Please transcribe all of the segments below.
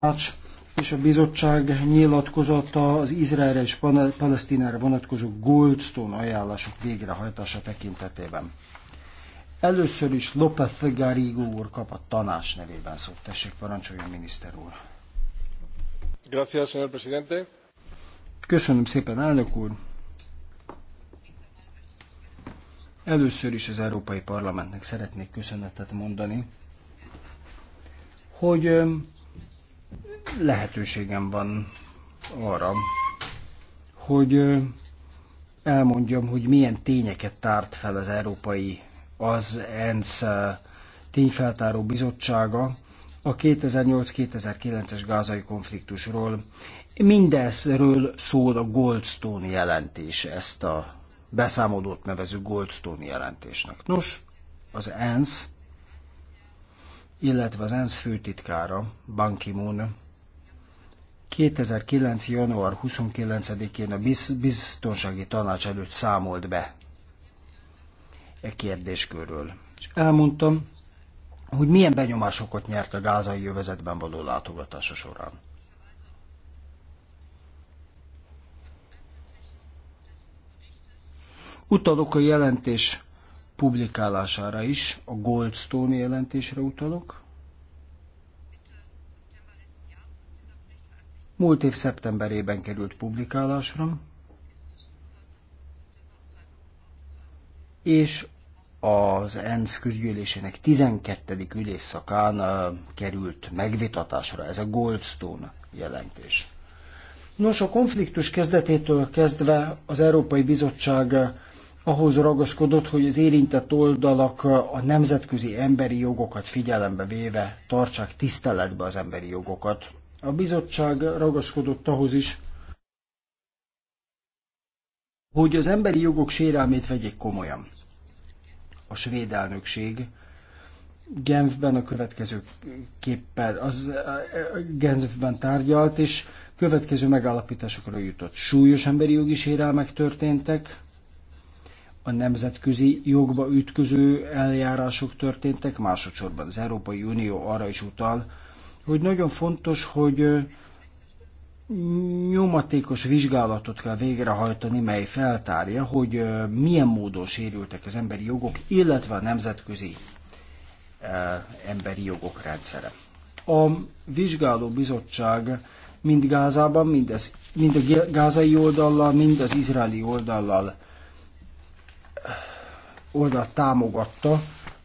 tanács és a bizottság nyilatkozata az Izraelre és Palesztinára vonatkozó Goldstone ajánlások végrehajtása tekintetében. Először is López Garrigo úr kap a tanács nevében szót. Tessék, parancsoljon, miniszter úr. Gracias, señor presidente. Köszönöm szépen, elnök úr. Először is az Európai Parlamentnek szeretnék köszönetet mondani, hogy lehetőségem van arra, hogy elmondjam, hogy milyen tényeket tárt fel az Európai az ENSZ tényfeltáró bizottsága a 2008-2009-es gázai konfliktusról. Mindezről szól a Goldstone jelentés, ezt a beszámolót nevező Goldstone jelentésnek. Nos, az ENSZ illetve az ENSZ főtitkára, Ban Ki-moon 2009. január 29-én a biztonsági tanács előtt számolt be e kérdéskörről. És elmondtam, hogy milyen benyomásokat nyert a gázai jövezetben való látogatása során. Utalok a jelentés publikálására is, a Goldstone jelentésre utalok. Múlt év szeptemberében került publikálásra, és az ENSZ közgyűlésének 12. ülésszakán került megvitatásra ez a Goldstone jelentés. Nos, a konfliktus kezdetétől kezdve az Európai Bizottság ahhoz ragaszkodott, hogy az érintett oldalak a nemzetközi emberi jogokat figyelembe véve tartsák tiszteletbe az emberi jogokat. A bizottság ragaszkodott ahhoz is, hogy az emberi jogok sérelmét vegyék komolyan. A svéd elnökség Genfben a következő képpel, az Genfben tárgyalt, és következő megállapításokra jutott. Súlyos emberi jogi sérelmek történtek, a nemzetközi jogba ütköző eljárások történtek, másodszorban az Európai Unió arra is utal, hogy nagyon fontos, hogy nyomatékos vizsgálatot kell végrehajtani, mely feltárja, hogy milyen módon sérültek az emberi jogok, illetve a nemzetközi emberi jogok rendszere. A vizsgáló bizottság mind Gázában, mind, az, mind a gázai oldallal, mind az izraeli oldallal oldalt támogatta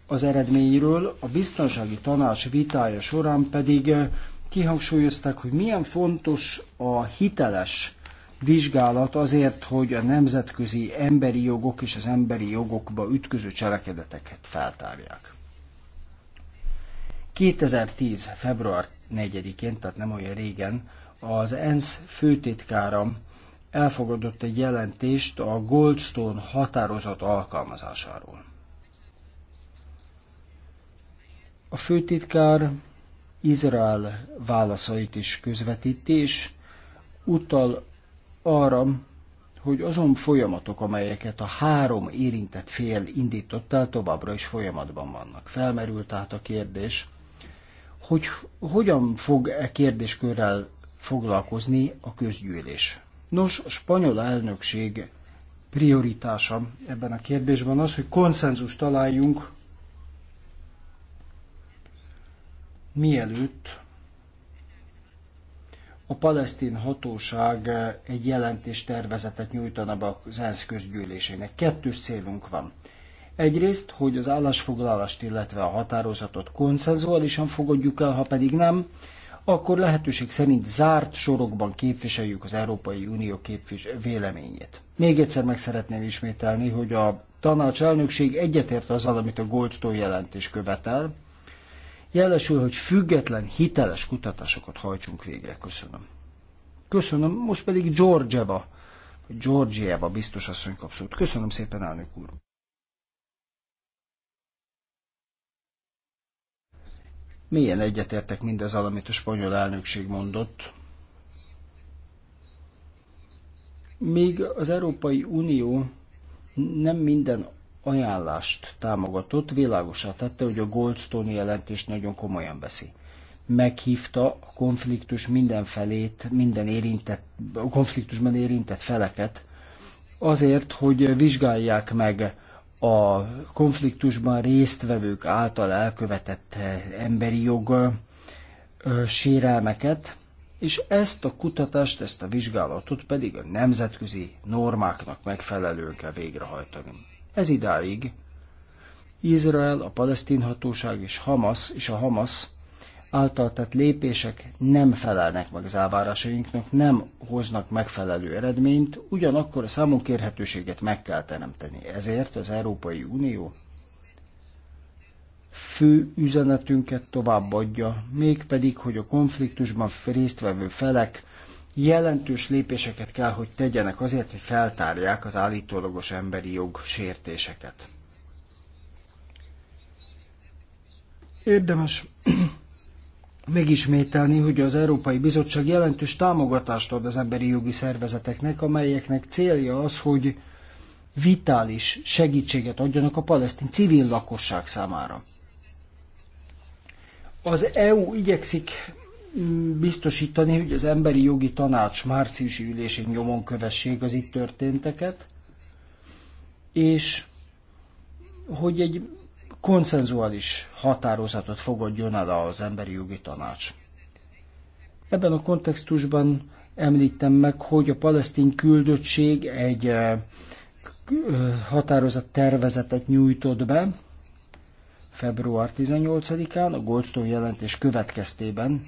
az eredményről, a biztonsági tanács vitája során pedig eh, kihangsúlyozták, hogy milyen fontos a hiteles vizsgálat azért, hogy a nemzetközi emberi jogok és az emberi jogokba ütköző cselekedeteket feltárják. 2010. február 4-én, tehát nem olyan régen, az ENSZ főtitkára elfogadott egy jelentést a Goldstone határozat alkalmazásáról. A főtitkár Izrael válaszait is közvetíti, és utal arra, hogy azon folyamatok, amelyeket a három érintett fél indított el, továbbra is folyamatban vannak. Felmerült tehát a kérdés, hogy hogyan fog e kérdéskörrel foglalkozni a közgyűlés. Nos, a spanyol elnökség prioritása ebben a kérdésben az, hogy konszenzus találjunk mielőtt a palesztin hatóság egy jelentés tervezetet nyújtana be az ENSZ közgyűlésének. Kettős célunk van. Egyrészt, hogy az állásfoglalást, illetve a határozatot konszenzuálisan fogadjuk el, ha pedig nem, akkor lehetőség szerint zárt sorokban képviseljük az Európai Unió képvis- véleményét. Még egyszer meg szeretném ismételni, hogy a tanács elnökség egyetért azzal, amit a Goldstone jelentés követel, jelesül, hogy független, hiteles kutatásokat hajtsunk végre. Köszönöm. Köszönöm. Most pedig Georgieva, Georgieva biztos asszony kapszót. Köszönöm szépen, elnök úr. Milyen egyetértek mindez, amit a spanyol elnökség mondott? Még az Európai Unió nem minden ajánlást támogatott, világosá tette, hogy a Goldstone jelentést nagyon komolyan veszi. Meghívta a konfliktus minden felét, minden érintett, a konfliktusban érintett feleket, azért, hogy vizsgálják meg a konfliktusban résztvevők által elkövetett eh, emberi jog eh, sérelmeket, és ezt a kutatást, ezt a vizsgálatot pedig a nemzetközi normáknak megfelelően kell végrehajtani. Ez idáig Izrael, a palesztin hatóság és Hamas és a Hamas által tett lépések nem felelnek meg az elvárásainknak, nem hoznak megfelelő eredményt, ugyanakkor a kérhetőséget meg kell teremteni. Ezért az Európai Unió fő üzenetünket továbbadja, mégpedig, hogy a konfliktusban résztvevő felek jelentős lépéseket kell, hogy tegyenek azért, hogy feltárják az állítólagos emberi jog sértéseket. Érdemes megismételni, hogy az Európai Bizottság jelentős támogatást ad az emberi jogi szervezeteknek, amelyeknek célja az, hogy vitális segítséget adjanak a palesztin civil lakosság számára. Az EU igyekszik mm, biztosítani, hogy az emberi jogi tanács márciusi ülésén nyomon kövessék az itt történteket, és hogy egy konszenzuális határozatot fogadjon el az emberi jogi tanács. Ebben a kontextusban említem meg, hogy a palesztin küldöttség egy eh, eh, határozat tervezetet nyújtott be február 18-án, a Goldstone jelentés következtében,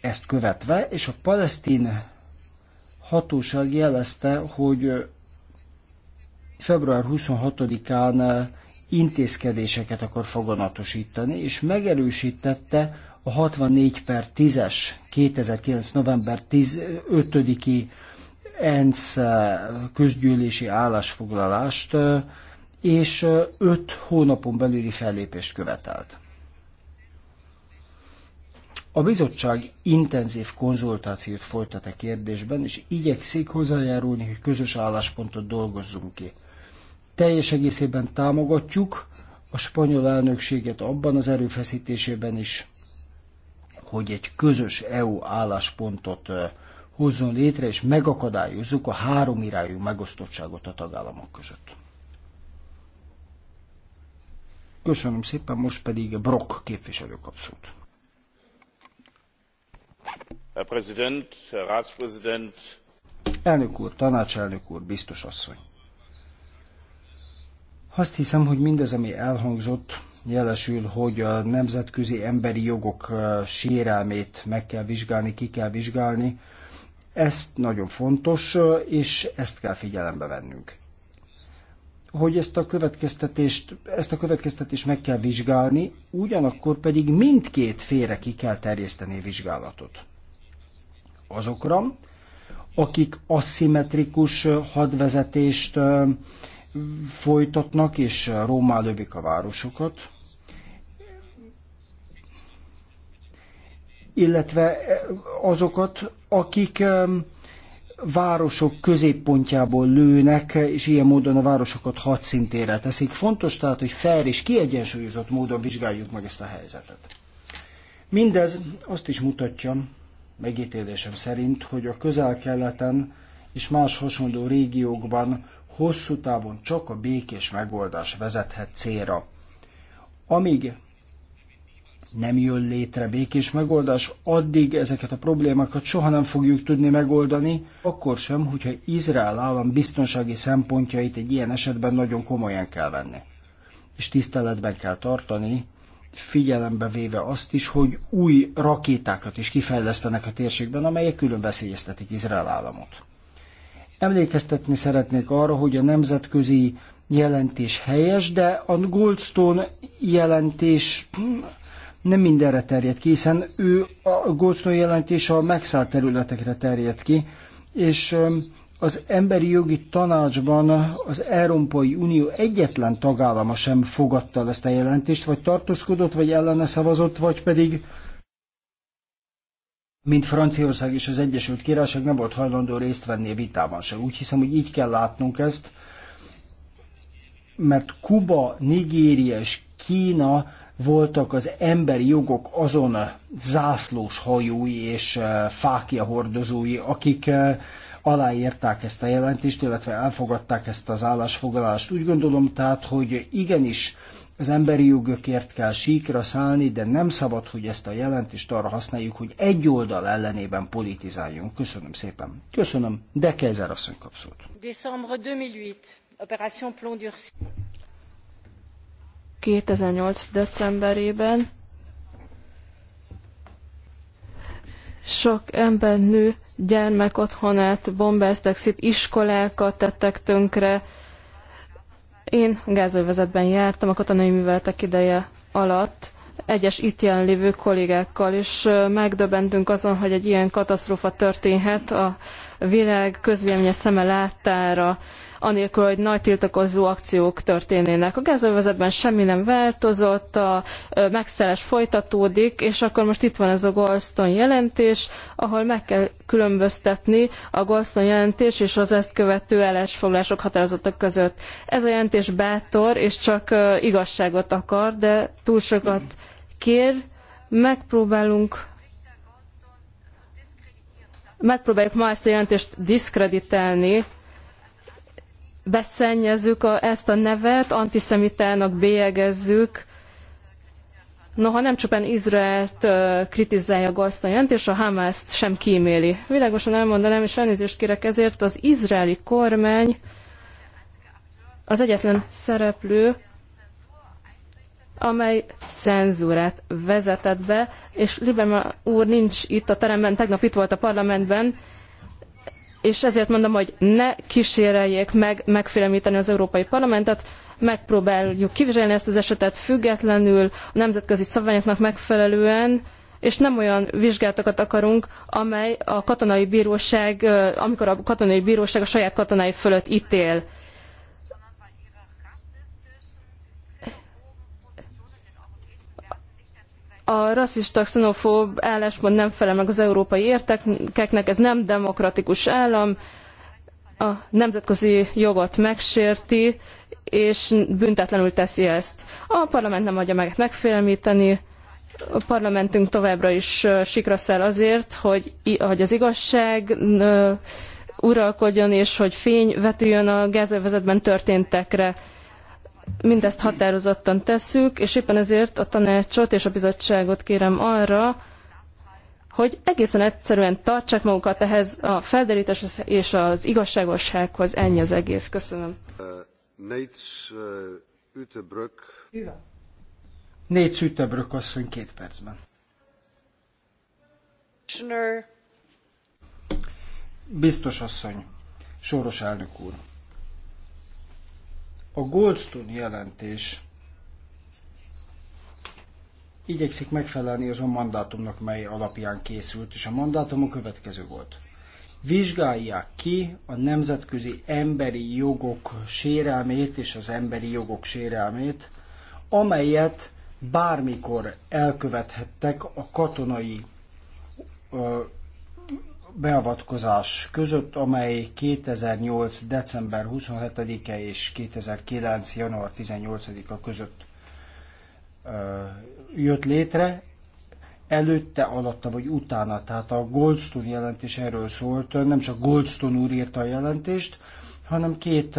ezt követve, és a palesztin hatóság jelezte, hogy február 26-án eh, intézkedéseket akar foganatosítani, és megerősítette a 64 per 10-es 2009. november 15-i ENSZ eh, közgyűlési állásfoglalást, eh, és öt hónapon belüli fellépést követelt. A bizottság intenzív konzultációt folytat a e kérdésben, és igyekszik hozzájárulni, hogy közös álláspontot dolgozzunk ki. Teljes egészében támogatjuk a spanyol elnökséget abban az erőfeszítésében is, hogy egy közös EU álláspontot hozzon létre, és megakadályozzuk a három irányú megosztottságot a tagállamok között. Köszönöm szépen, most pedig Brock képviselő kapszót. Elnök úr, tanácselnök úr, biztos asszony. Azt hiszem, hogy mindez, ami elhangzott, jelesül, hogy a nemzetközi emberi jogok sérelmét meg kell vizsgálni, ki kell vizsgálni. Ezt nagyon fontos, és ezt kell figyelembe vennünk hogy ezt a következtetést, ezt a következtetést meg kell vizsgálni, ugyanakkor pedig mindkét félre ki kell terjeszteni a vizsgálatot. Azokra, akik aszimmetrikus hadvezetést folytatnak és Rómá lövik a városokat, illetve azokat, akik városok középpontjából lőnek, és ilyen módon a városokat hadszintére teszik. Fontos tehát, hogy fair és kiegyensúlyozott módon vizsgáljuk meg ezt a helyzetet. Mindez azt is mutatja, megítélésem szerint, hogy a közel-keleten és más hasonló régiókban hosszú távon csak a békés megoldás vezethet célra. Amíg nem jön létre békés megoldás, addig ezeket a problémákat soha nem fogjuk tudni megoldani, akkor sem, hogyha Izrael állam biztonsági szempontjait egy ilyen esetben nagyon komolyan kell venni. És tiszteletben kell tartani, figyelembe véve azt is, hogy új rakétákat is kifejlesztenek a térségben, amelyek külön veszélyeztetik Izrael államot. Emlékeztetni szeretnék arra, hogy a nemzetközi jelentés helyes, de a Goldstone jelentés hm, nem mindenre terjed ki, hiszen ő a Goldstone jelentés a megszállt területekre terjed ki, és az emberi jogi tanácsban az Európai Unió egyetlen tagállama sem fogadta el ezt a jelentést, vagy tartózkodott, vagy ellene szavazott, vagy pedig mint Franciaország és az Egyesült Királyság nem volt hajlandó részt venni a vitában sem. Úgy hiszem, hogy így kell látnunk ezt, mert Kuba, Nigéria és Kína voltak az emberi jogok azon zászlós hajói és eh, fákja hordozói, akik eh, aláírták ezt a jelentést, illetve elfogadták ezt az állásfoglalást. Úgy gondolom tehát, hogy igenis az emberi jogokért kell síkra szállni, de nem szabad, hogy ezt a jelentést arra használjuk, hogy egy oldal ellenében politizáljunk. Köszönöm szépen. Köszönöm, de Kejzer asszony kapszót. 2008. decemberében sok ember nő gyermek otthonát bombáztak szét, iskolákat tettek tönkre. Én gázővezetben jártam a katonai műveletek ideje alatt, egyes itt jelenlévő kollégákkal, és megdöbbentünk azon, hogy egy ilyen katasztrófa történhet a világ közvéleménye szeme láttára anélkül, hogy nagy tiltakozó akciók történnének. A gázövezetben semmi nem változott, a megszállás folytatódik, és akkor most itt van ez a Goldstone jelentés, ahol meg kell különböztetni a Goldstone jelentés és az ezt követő állásfoglások határozatok között. Ez a jelentés bátor, és csak igazságot akar, de túl sokat kér, megpróbálunk megpróbáljuk ma ezt a jelentést diszkreditálni, beszennyezzük a, ezt a nevet, antiszemitának bélyegezzük. Noha nem csupán Izraelt kritizálja azt a jelentés, a Hamászt sem kíméli. Világosan elmondanám, és elnézést kérek ezért, az izraeli kormány az egyetlen szereplő, amely cenzúrát vezetett be, és Liberman úr nincs itt a teremben, tegnap itt volt a parlamentben, és ezért mondom, hogy ne kíséreljék meg megfélemlíteni az Európai Parlamentet, megpróbáljuk kivizsgálni ezt az esetet függetlenül, a nemzetközi szabványoknak megfelelően, és nem olyan vizsgálatokat akarunk, amely a katonai bíróság, amikor a katonai bíróság a saját katonái fölött ítél. a rasszista xenofób álláspont nem felel meg az európai értekeknek, ez nem demokratikus állam, a nemzetközi jogot megsérti, és büntetlenül teszi ezt. A parlament nem adja meg megfélemlíteni, a parlamentünk továbbra is sikra száll azért, hogy, hogy az igazság uralkodjon, és hogy fény vetüljön a gázövezetben történtekre mindezt határozottan tesszük, és éppen ezért a tanácsot és a bizottságot kérem arra, hogy egészen egyszerűen tartsák magukat ehhez a felderítéshez és az igazságossághoz. Ennyi az egész. Köszönöm. Négy Ütöbrök. Négy Ütöbrök asszony két percben. Biztos asszony, Soros elnök úr. A Goldstone jelentés igyekszik megfelelni azon mandátumnak, mely alapján készült, és a mandátum a következő volt. Vizsgálják ki a nemzetközi emberi jogok sérelmét és az emberi jogok sérelmét, amelyet bármikor elkövethettek a katonai ö, beavatkozás között, amely 2008. december 27-e és 2009. január 18-a között jött létre, előtte, alatta vagy utána, tehát a Goldstone jelentés erről szólt, nem csak Goldstone úr írta a jelentést, hanem két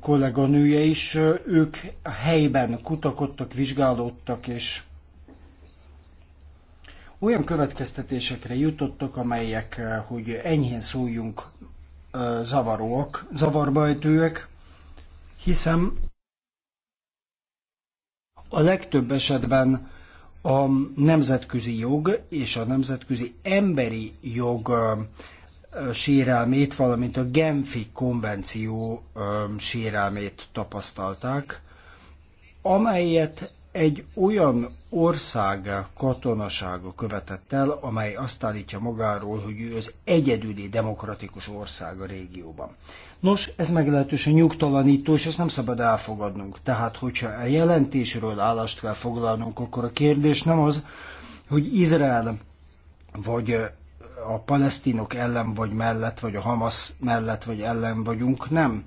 kolléganője is, ők helyben kutakodtak, vizsgálódtak, és olyan következtetésekre jutottak, amelyek, eh, hogy enyhén szóljunk, eh, zavaróak, zavarbajtőek, hiszen a legtöbb esetben a nemzetközi jog és a nemzetközi emberi jog eh, sérelmét, valamint a Genfi konvenció sérelmét tapasztalták, amelyet egy olyan ország katonasága követett el, amely azt állítja magáról, hogy ő az egyedüli demokratikus ország a régióban. Nos, ez meglehetősen nyugtalanító, és ezt nem szabad elfogadnunk. Tehát, hogyha a jelentésről állást kell foglalnunk, akkor a kérdés nem az, hogy Izrael vagy a palesztinok ellen vagy mellett, vagy a Hamas mellett vagy ellen vagyunk, nem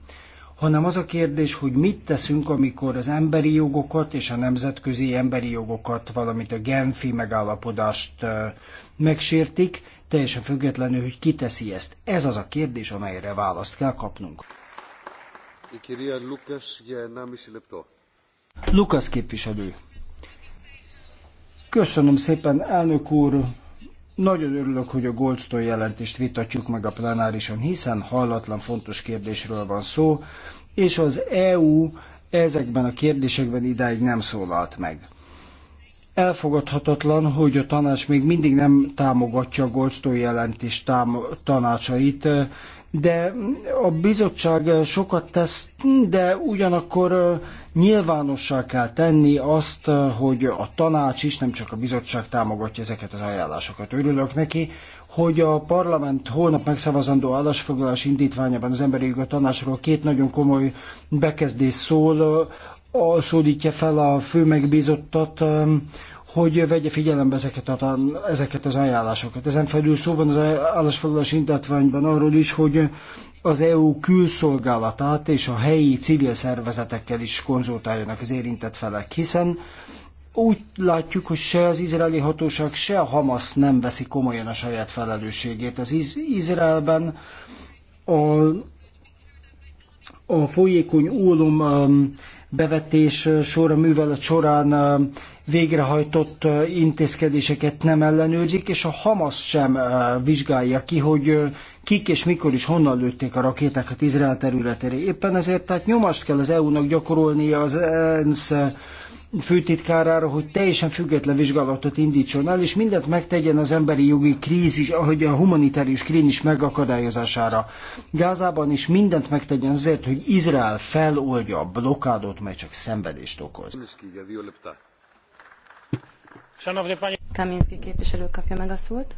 hanem az a kérdés, hogy mit teszünk, amikor az emberi jogokat és a nemzetközi emberi jogokat, valamint a Genfi megállapodást megsértik, teljesen függetlenül, hogy ki teszi ezt. Ez az a kérdés, amelyre választ kell kapnunk. Lukasz képviselő. Köszönöm szépen, elnök úr, nagyon örülök, hogy a Goldstone jelentést vitatjuk meg a plenárison, hiszen hallatlan fontos kérdésről van szó, és az EU ezekben a kérdésekben idáig nem szólalt meg. Elfogadhatatlan, hogy a tanács még mindig nem támogatja a Goldstone jelentés tanácsait, de a bizottság sokat tesz, de ugyanakkor nyilvánossá kell tenni azt, hogy a tanács is, nem csak a bizottság támogatja ezeket az ajánlásokat. Örülök neki, hogy a parlament holnap megszavazandó állásfoglalás indítványában az emberi jogi tanácsról két nagyon komoly bekezdés szól, szólítja fel a fő megbízottat, hogy vegye figyelembe ezeket, a, ezeket az ajánlásokat. Ezen felül szó van az állásfoglalási intatványban arról is, hogy az EU külszolgálatát és a helyi civil szervezetekkel is konzultáljanak az érintett felek, hiszen úgy látjuk, hogy se az izraeli hatóság, se a Hamas nem veszi komolyan a saját felelősségét. Az Iz- Izraelben a, a folyékony ólom um, bevetés során, művelet során végrehajtott intézkedéseket nem ellenőrzik, és a Hamas sem vizsgálja ki, hogy kik és mikor is honnan lőtték a rakétákat Izrael területére. Éppen ezért tehát nyomást kell az EU-nak gyakorolnia az ENSZ főtitkárára, hogy teljesen független vizsgálatot indítson el, és mindent megtegyen az emberi jogi krízis, ahogy a humanitárius krízis megakadályozására. Gázában is mindent megtegyen azért, hogy Izrael feloldja a blokádot, mely csak szenvedést okoz. Kaminski képviselő kapja meg a szót.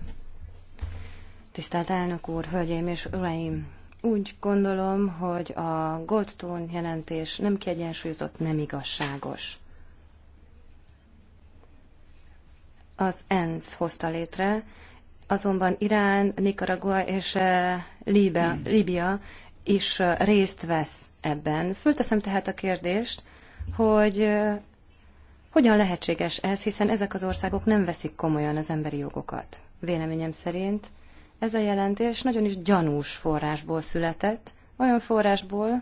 Tisztelt elnök úr, hölgyeim és uraim! Úgy gondolom, hogy a Goldstone jelentés nem kiegyensúlyozott, nem igazságos. az ENSZ hozta létre, azonban Irán, Nicaragua és eh, hmm. Líbia, is eh, részt vesz ebben. Fölteszem tehát a kérdést, hogy eh, hogyan lehetséges ez, hiszen ezek az országok nem veszik komolyan az emberi jogokat. Véleményem szerint ez a jelentés nagyon is gyanús forrásból született, olyan forrásból,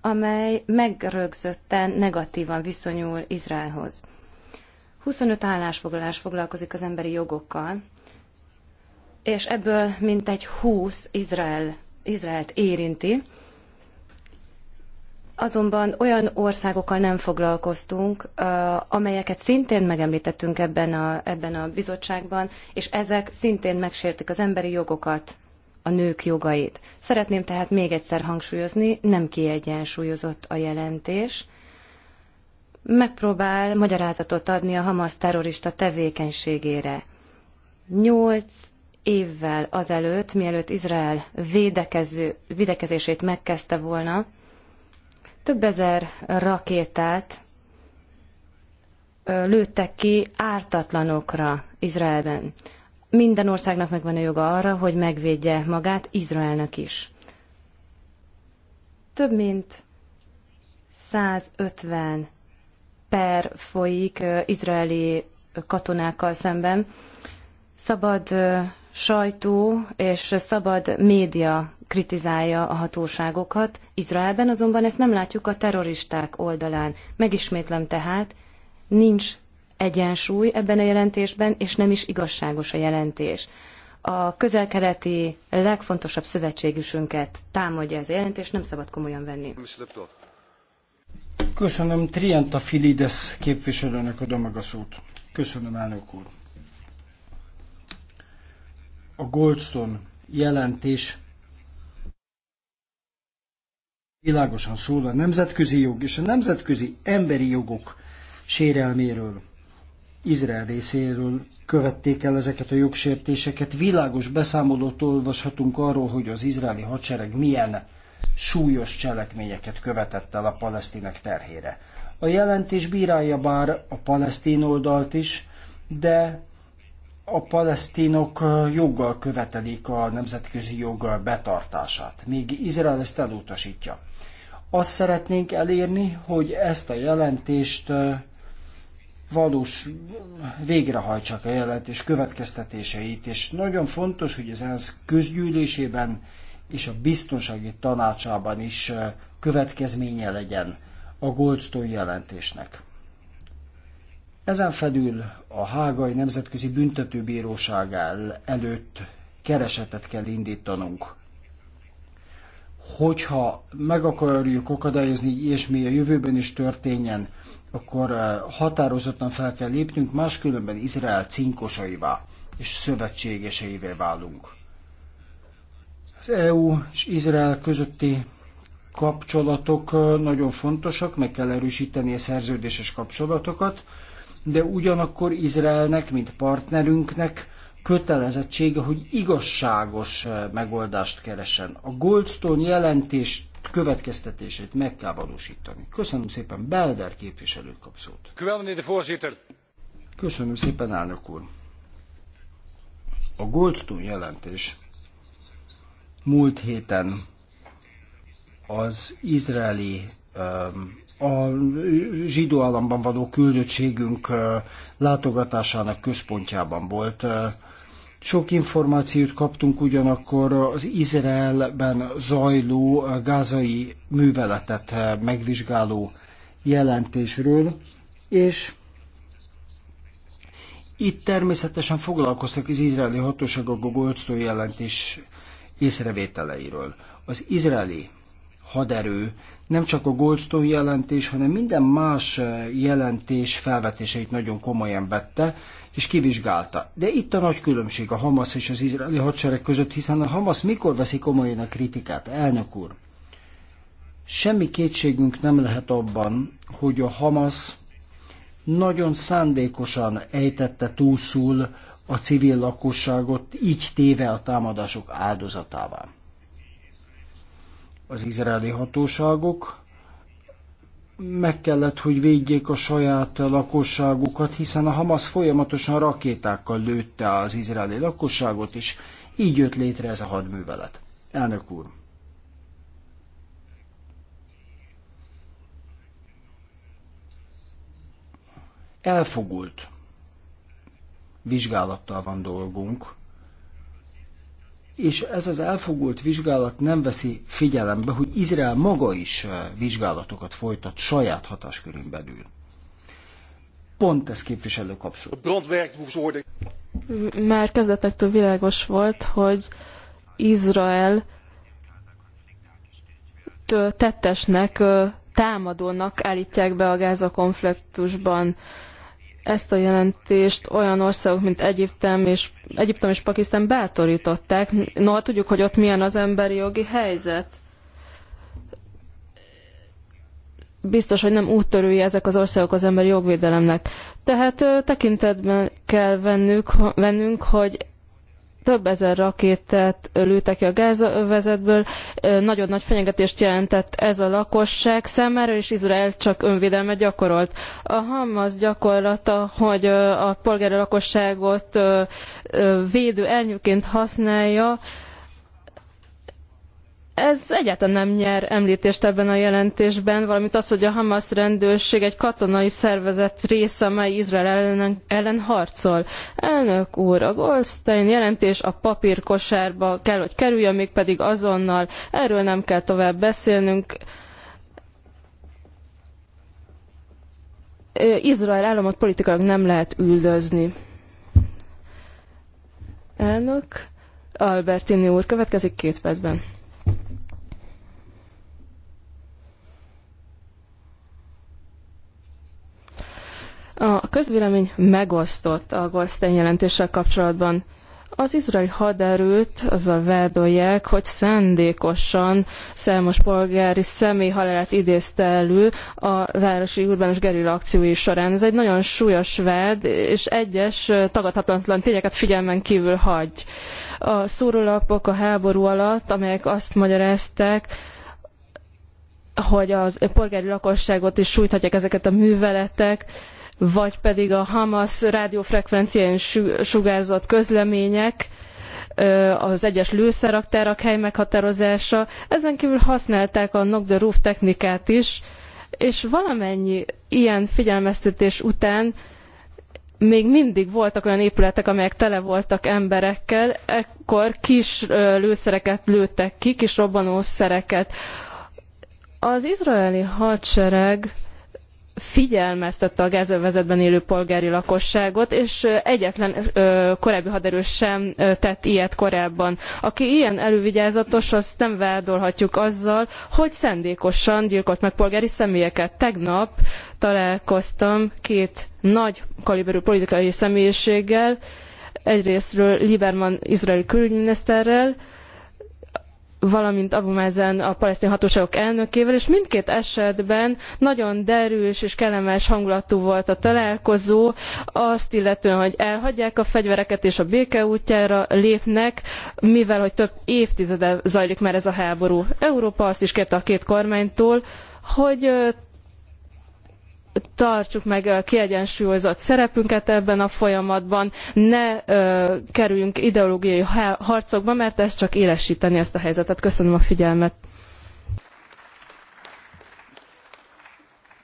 amely megrögzötten negatívan viszonyul Izraelhoz. 25 állásfoglalás foglalkozik az emberi jogokkal, és ebből mintegy 20 Izrael, Izraelt érinti. Azonban olyan országokkal nem foglalkoztunk, amelyeket szintén megemlítettünk ebben a, ebben a bizottságban, és ezek szintén megsértik az emberi jogokat, a nők jogait. Szeretném tehát még egyszer hangsúlyozni, nem kiegyensúlyozott a jelentés, megpróbál magyarázatot adni a Hamas terrorista tevékenységére. Nyolc évvel azelőtt, mielőtt Izrael védekező, védekezését megkezdte volna, több ezer rakétát lőttek ki ártatlanokra Izraelben. Minden országnak megvan a joga arra, hogy megvédje magát, Izraelnek is. Több mint 150 per folyik izraeli katonákkal szemben. Szabad sajtó és szabad média kritizálja a hatóságokat. Izraelben azonban ezt nem látjuk a terroristák oldalán. Megismétlem tehát, nincs egyensúly ebben a jelentésben, és nem is igazságos a jelentés. A közelkeleti legfontosabb szövetségüsünket támadja ez a jelentés, nem szabad komolyan venni. Köszönöm Trienta Filides képviselőnek adom meg a szót. Köszönöm, elnök úr. A Goldstone jelentés világosan szól a nemzetközi jog és a nemzetközi emberi jogok sérelméről. Izrael részéről követték el ezeket a jogsértéseket. Világos beszámolót olvashatunk arról, hogy az izraeli hadsereg milyen súlyos cselekményeket követett el a palesztinek terhére. A jelentés bírálja bár a palesztin oldalt is, de a palesztinok joggal követelik a nemzetközi jog betartását, míg Izrael ezt elutasítja. Azt szeretnénk elérni, hogy ezt a jelentést valós végrehajtsák a jelentés következtetéseit, és nagyon fontos, hogy az ENSZ közgyűlésében és a biztonsági tanácsában is következménye legyen a Goldstone jelentésnek. Ezen felül a Hágai Nemzetközi Büntetőbíróság előtt keresetet kell indítanunk. Hogyha meg akarjuk akadályozni, és mi a jövőben is történjen, akkor határozottan fel kell lépnünk, máskülönben Izrael cinkosaivá és szövetségeseivé válunk. Az EU és Izrael közötti kapcsolatok nagyon fontosak, meg kell erősíteni a szerződéses kapcsolatokat, de ugyanakkor Izraelnek, mint partnerünknek kötelezettsége, hogy igazságos megoldást keresen. A Goldstone jelentés következtetését meg kell valósítani. Köszönöm szépen, Belder képviselő kap szót. Köszönöm szépen, elnök úr. A Goldstone jelentés Múlt héten az izraeli um, a zsidó államban való küldöttségünk uh, látogatásának központjában volt. Uh, sok információt kaptunk ugyanakkor az Izraelben zajló uh, gázai műveletet megvizsgáló jelentésről, és itt természetesen foglalkoztak az izraeli hatóságok a Goldstone jelentés észrevételeiről. Az izraeli haderő nem csak a Goldstone jelentés, hanem minden más eh, jelentés felvetéseit nagyon komolyan vette, és kivizsgálta. De itt a nagy különbség a Hamas és az izraeli hadsereg között, hiszen a Hamas mikor veszi komolyan a kritikát? Elnök úr, semmi kétségünk nem lehet abban, hogy a Hamas nagyon szándékosan ejtette túlszul a civil lakosságot, így téve a támadások áldozatává. Az izraeli hatóságok meg kellett, hogy védjék a saját lakosságukat, hiszen a Hamas folyamatosan rakétákkal lőtte az izraeli lakosságot, és így jött létre ez a hadművelet. Elnök úr! Elfogult vizsgálattal van dolgunk, és ez az elfogult vizsgálat nem veszi figyelembe, hogy Izrael maga is eh, vizsgálatokat folytat saját hatáskörén belül. Pont ez képviselő kapszul. Már kezdetektől világos volt, hogy Izrael tettesnek, támadónak állítják be a Gáza konfliktusban ezt a jelentést olyan országok, mint Egyiptem és, Egyiptom és Pakisztán bátorították. Noha hát tudjuk, hogy ott milyen az emberi jogi helyzet. Biztos, hogy nem úttörői ezek az országok az emberi jogvédelemnek. Tehát tekintetben kell vennünk, hogy több ezer rakétát lőttek ki a gázvezetből, nagyon nagy fenyegetést jelentett ez a lakosság számára, és Izrael csak önvédelmet gyakorolt. A Hamas gyakorlata, hogy a polgári lakosságot védő elnyőként használja, ez egyáltalán nem nyer említést ebben a jelentésben, valamint az, hogy a Hamas rendőrség egy katonai szervezet része, amely Izrael ellen, ellen harcol. Elnök úr, a Goldstein jelentés a papírkosárba kell, hogy kerüljön, mégpedig azonnal. Erről nem kell tovább beszélnünk. Izrael államot politikailag nem lehet üldözni. Elnök, Albertini úr, következik két percben. A közvélemény megosztott a Goldstein jelentéssel kapcsolatban. Az izraeli haderőt azzal vádolják, hogy szándékosan számos polgári személy halálát idézte elő a városi urbános gerilla akciói során. Ez egy nagyon súlyos vád, és egyes tagadhatatlan tényeket figyelmen kívül hagy. A szórólapok a háború alatt, amelyek azt magyarázták, hogy a polgári lakosságot is sújthatják ezeket a műveletek, vagy pedig a Hamas rádiófrekvencián sugárzott közlemények, az egyes lőszeraktárak hely meghatározása. Ezen kívül használták a knock the roof technikát is, és valamennyi ilyen figyelmeztetés után még mindig voltak olyan épületek, amelyek tele voltak emberekkel, ekkor kis lőszereket lőttek ki, kis robbanószereket. Az izraeli hadsereg figyelmeztette a gázövezetben élő polgári lakosságot, és egyetlen ö, korábbi haderő sem ö, tett ilyet korábban. Aki ilyen elővigyázatos, azt nem vádolhatjuk azzal, hogy szendékosan gyilkolt meg polgári személyeket. Tegnap találkoztam két nagy kaliberű politikai személyiséggel, egyrésztről Lieberman izraeli külügyminiszterrel, valamint Abu Mazen a palesztin hatóságok elnökével, és mindkét esetben nagyon derűs és kellemes hangulatú volt a találkozó, azt illetően, hogy elhagyják a fegyvereket és a béke útjára lépnek, mivel hogy több évtizede zajlik már ez a háború. Európa azt is kérte a két kormánytól, hogy tartsuk meg a kiegyensúlyozott szerepünket ebben a folyamatban, ne ö, kerüljünk ideológiai harcokba, mert ez csak élesíteni ezt a helyzetet. Köszönöm a figyelmet.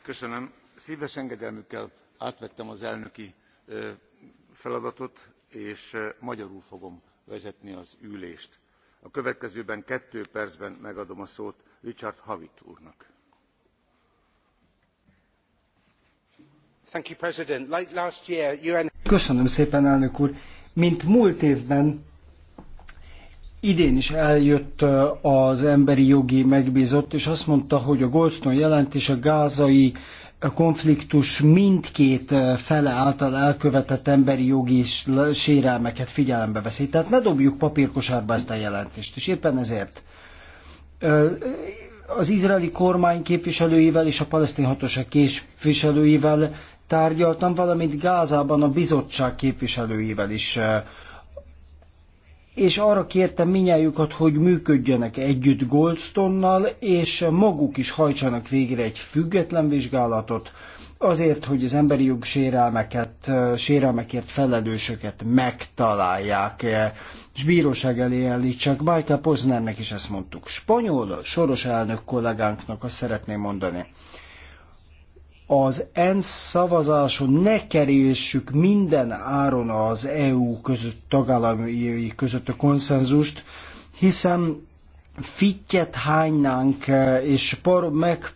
Köszönöm. Szíves engedelmükkel átvettem az elnöki ö, feladatot, és ö, magyarul fogom vezetni az ülést. A következőben kettő percben megadom a szót Richard Havit úrnak. Köszönöm szépen, elnök úr. Mint múlt évben, idén is eljött az emberi jogi megbízott, és azt mondta, hogy a Goldstone jelentés a gázai konfliktus mindkét fele által elkövetett emberi jogi sérelmeket figyelembe veszi. Tehát ne dobjuk papírkosárba ezt a jelentést, és éppen ezért az izraeli kormány képviselőivel és a palesztin hatóság képviselőivel tárgyaltam, valamint Gázában a bizottság képviselőivel is. Eh, és arra kértem minnyájukat, hogy működjenek együtt Goldstone-nal, és maguk is hajtsanak végre egy független vizsgálatot, azért, hogy az emberi jog sérelmeket, eh, sérelmekért felelősöket megtalálják, eh. és bíróság elé állítsák. Michael Poznernek is ezt mondtuk. Spanyol soros elnök kollégánknak azt szeretném mondani, az ENSZ szavazáson ne keréssük minden áron az EU között, tagállamai között a konszenzust, hiszen fittyet hánynánk, és par- meg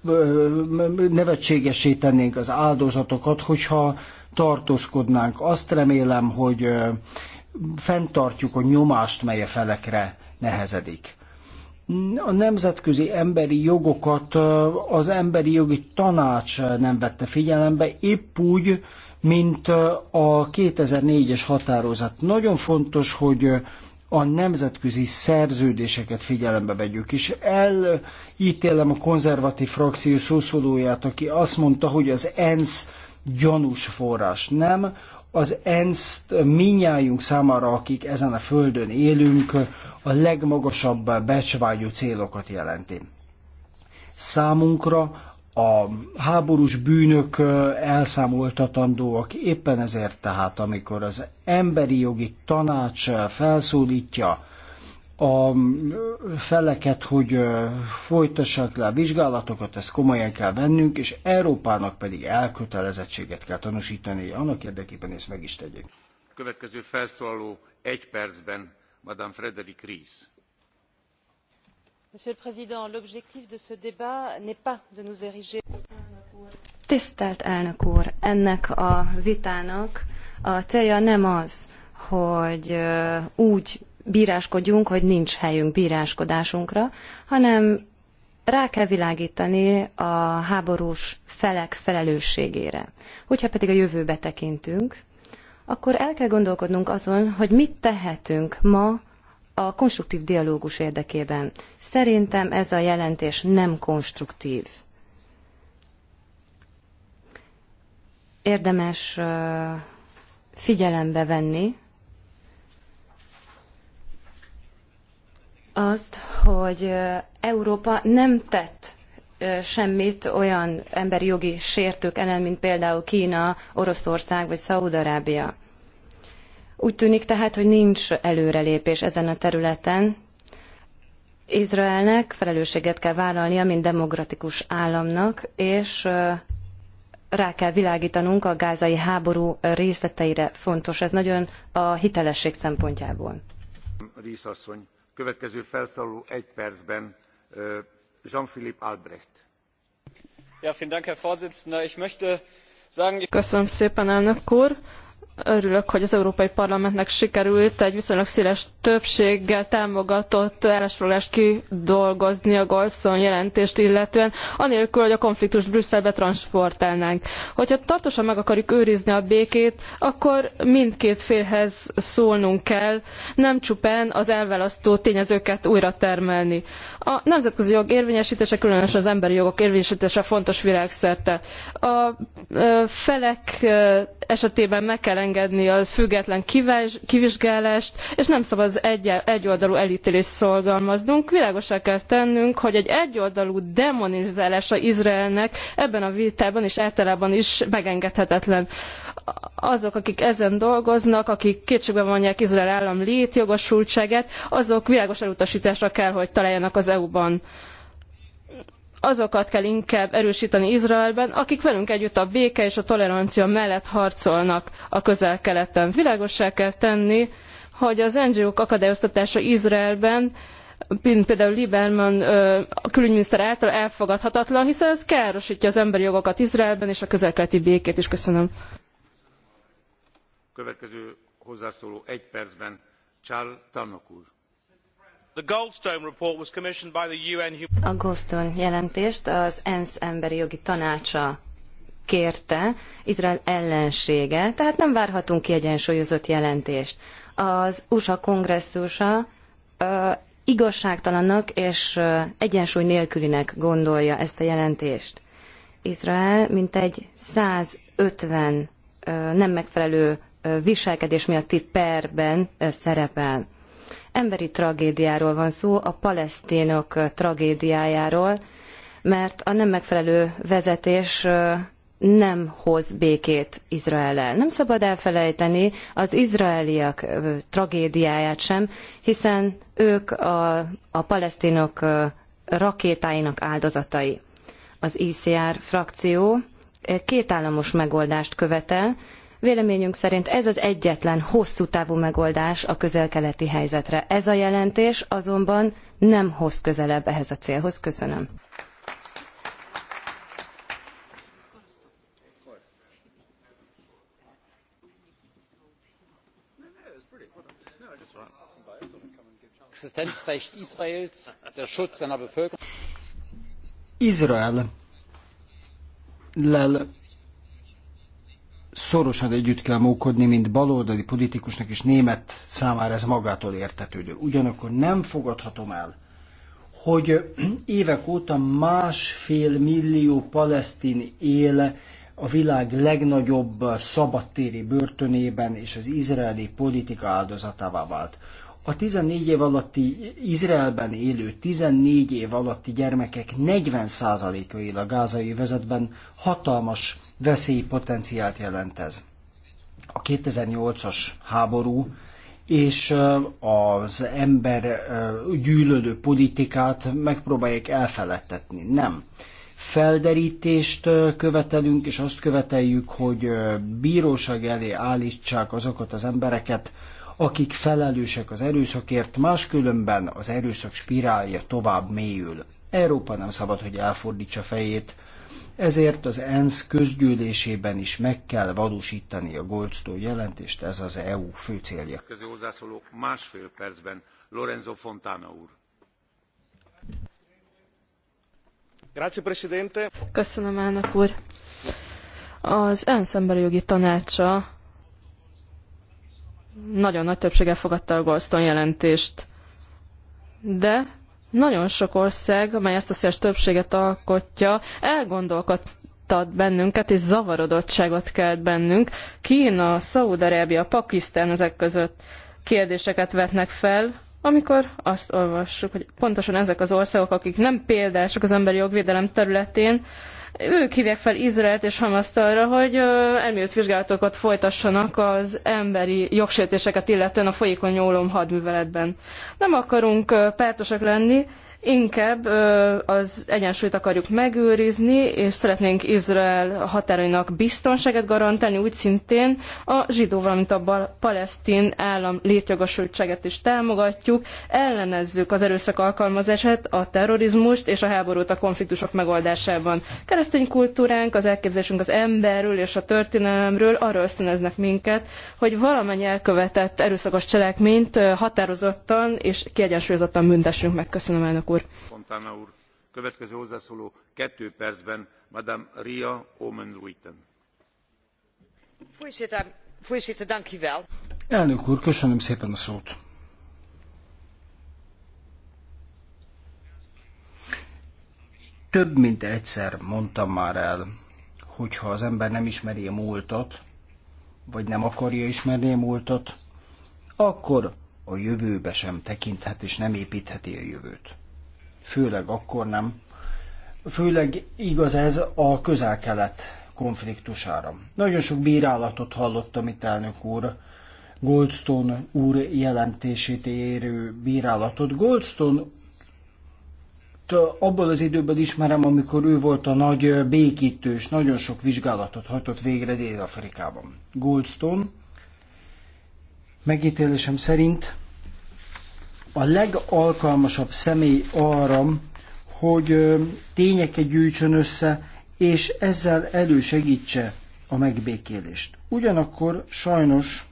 nevetségesé tennénk az áldozatokat, hogyha tartózkodnánk. Azt remélem, hogy fenntartjuk a nyomást, mely a felekre nehezedik a nemzetközi emberi jogokat az emberi jogi tanács nem vette figyelembe, épp úgy, mint a 2004-es határozat. Nagyon fontos, hogy a nemzetközi szerződéseket figyelembe vegyük, és elítélem a konzervatív frakció szószólóját, aki azt mondta, hogy az ENSZ gyanús forrás. Nem, az ENSZ minnyájunk számára, akik ezen a földön élünk, a legmagasabb becsvágyú célokat jelenti. Számunkra a háborús bűnök elszámoltatandóak, éppen ezért tehát, amikor az emberi jogi tanács felszólítja a feleket, hogy folytassák le a vizsgálatokat, ezt komolyan kell vennünk, és Európának pedig elkötelezettséget kell tanúsítani, annak érdekében ezt meg is tegyék. Következő felszólaló egy percben, Madame Frederic Ries. Monsieur le Président, l'objectif de ce débat n'est pas de nous ériger. Tisztelt elnök úr, ennek a vitának a célja nem az, hogy úgy bíráskodjunk, hogy nincs helyünk bíráskodásunkra, hanem rá kell világítani a háborús felek felelősségére. Hogyha pedig a jövőbe tekintünk, akkor el kell gondolkodnunk azon, hogy mit tehetünk ma a konstruktív dialógus érdekében. Szerintem ez a jelentés nem konstruktív. Érdemes figyelembe venni azt, hogy Európa nem tett semmit olyan emberi jogi sértők ellen, mint például Kína, Oroszország vagy Szaúd-Arábia. Úgy tűnik tehát, hogy nincs előrelépés ezen a területen. Izraelnek felelősséget kell vállalnia, mint demokratikus államnak, és rá kell világítanunk a gázai háború részleteire. Fontos ez nagyon a hitelesség szempontjából következő felszólaló egy percben jean philippe albrecht. Ja, herr präsident! ich möchte sagen. köszönöm szépen elnök úr! örülök, hogy az Európai Parlamentnek sikerült egy viszonylag széles többséggel támogatott állásfoglalást kidolgozni a Golszon jelentést illetően, anélkül, hogy a konfliktust Brüsszelbe transportálnánk. Hogyha tartósan meg akarjuk őrizni a békét, akkor mindkét félhez szólnunk kell, nem csupán az elválasztó tényezőket újra termelni. A nemzetközi jog érvényesítése, különösen az emberi jogok érvényesítése fontos világszerte. A felek esetében meg kell engedni a független kivizsgálást, és nem szabad az egy, egyoldalú elítélést szolgalmaznunk. Világosá kell tennünk, hogy egy egyoldalú demonizálása Izraelnek ebben a vitában és általában is megengedhetetlen. Azok, akik ezen dolgoznak, akik kétségbe vonják Izrael állam létjogosultságát, azok világos elutasításra kell, hogy találjanak az EU-ban azokat kell inkább erősíteni Izraelben, akik velünk együtt a béke és a tolerancia mellett harcolnak a közel-keleten. Világossá kell tenni, hogy az NGO-k akadályoztatása Izraelben mint például Lieberman a külügyminiszter által elfogadhatatlan, hiszen ez károsítja az emberi jogokat Izraelben és a közelkeleti békét is. Köszönöm. Következő hozzászóló egy percben Csál Tanok úr a Goldstone jelentést az ENSZ emberi jogi tanácsa kérte, Izrael ellensége, tehát nem várhatunk kiegyensúlyozott jelentést. Az USA kongresszusa ö, igazságtalannak és ö, egyensúly nélkülinek gondolja ezt a jelentést. Izrael mintegy 150 ö, nem megfelelő viselkedés miatti perben szerepel. Emberi tragédiáról van szó, a palesztinok tragédiájáról, mert a nem megfelelő vezetés nem hoz békét Izraellel. Nem szabad elfelejteni az izraeliek tragédiáját sem, hiszen ők a, a palesztinok rakétáinak áldozatai. Az ICR frakció kétállamos megoldást követel, Véleményünk szerint ez az egyetlen hosszú távú megoldás a közel-keleti helyzetre. Ez a jelentés azonban nem hoz közelebb ehhez a célhoz. Köszönöm. Izrael lel szorosan együtt kell mókodni, mint baloldali politikusnak és német számára ez magától értetődő. Ugyanakkor nem fogadhatom el, hogy évek óta másfél millió palesztin él a világ legnagyobb szabadtéri börtönében és az izraeli politika áldozatává vált. A 14 év alatti Izraelben élő 14 év alatti gyermekek 40%-a él a gázai vezetben hatalmas veszélypotenciált jelent ez. A 2008-as háború és az ember gyűlölő politikát megpróbálják elfeledtetni. Nem. Felderítést követelünk, és azt követeljük, hogy bíróság elé állítsák azokat az embereket, akik felelősek az erőszakért, máskülönben az erőszak spirálja tovább mélyül. Európa nem szabad, hogy elfordítsa fejét ezért az ENSZ közgyűlésében is meg kell valósítani a Goldstone jelentést, ez az EU fő célja. másfél percben Lorenzo Fontana úr. Köszönöm, elnök úr. Az ENSZ emberi jogi tanácsa nagyon nagy többséggel fogadta a Goldstone jelentést, de nagyon sok ország, amely ezt a széles többséget alkotja, elgondolkodtat bennünket, és zavarodottságot kelt bennünk. Kína, Szaúd-Arábia, Pakisztán ezek között kérdéseket vetnek fel, amikor azt olvassuk, hogy pontosan ezek az országok, akik nem példások az emberi jogvédelem területén, ők hívják fel Izraelt és Hamaszt arra, hogy elmélyült vizsgálatokat folytassanak az emberi jogsértéseket illetően a folyékony ólom hadműveletben. Nem akarunk pártosak lenni, Inkább az egyensúlyt akarjuk megőrizni, és szeretnénk Izrael határainak biztonságát garantálni, úgy szintén a zsidó, valamint a palesztin állam létjogosultságát is támogatjuk, ellenezzük az erőszak alkalmazását, a terrorizmust és a háborút a konfliktusok megoldásában. Keresztény kultúránk, az elképzelésünk az emberről és a történelemről arra ösztönöznek minket, hogy valamennyi elkövetett erőszakos cselekményt határozottan és kiegyensúlyozottan büntessünk meg. Köszönöm, elnök úr úr. Fontana úr. Következő hozzászóló kettő percben, Madame Ria Omen Ruiten. Voorzitter, dank u wel. Elnök úr, köszönöm szépen a szót. Több mint egyszer mondtam már el, hogy ha az ember nem ismeri a múltat, vagy nem akarja ismerni a múltat, akkor a jövőbe sem tekinthet és nem építheti a jövőt főleg akkor nem. Főleg igaz ez a közel-kelet konfliktusára. Nagyon sok bírálatot hallottam itt elnök úr, Goldstone úr jelentését érő bírálatot. Goldstone abból az időben ismerem, amikor ő volt a nagy és nagyon sok vizsgálatot hajtott végre Dél-Afrikában. Goldstone megítélésem szerint a legalkalmasabb személy arra, hogy tényeket gyűjtsön össze, és ezzel elősegítse a megbékélést. Ugyanakkor sajnos,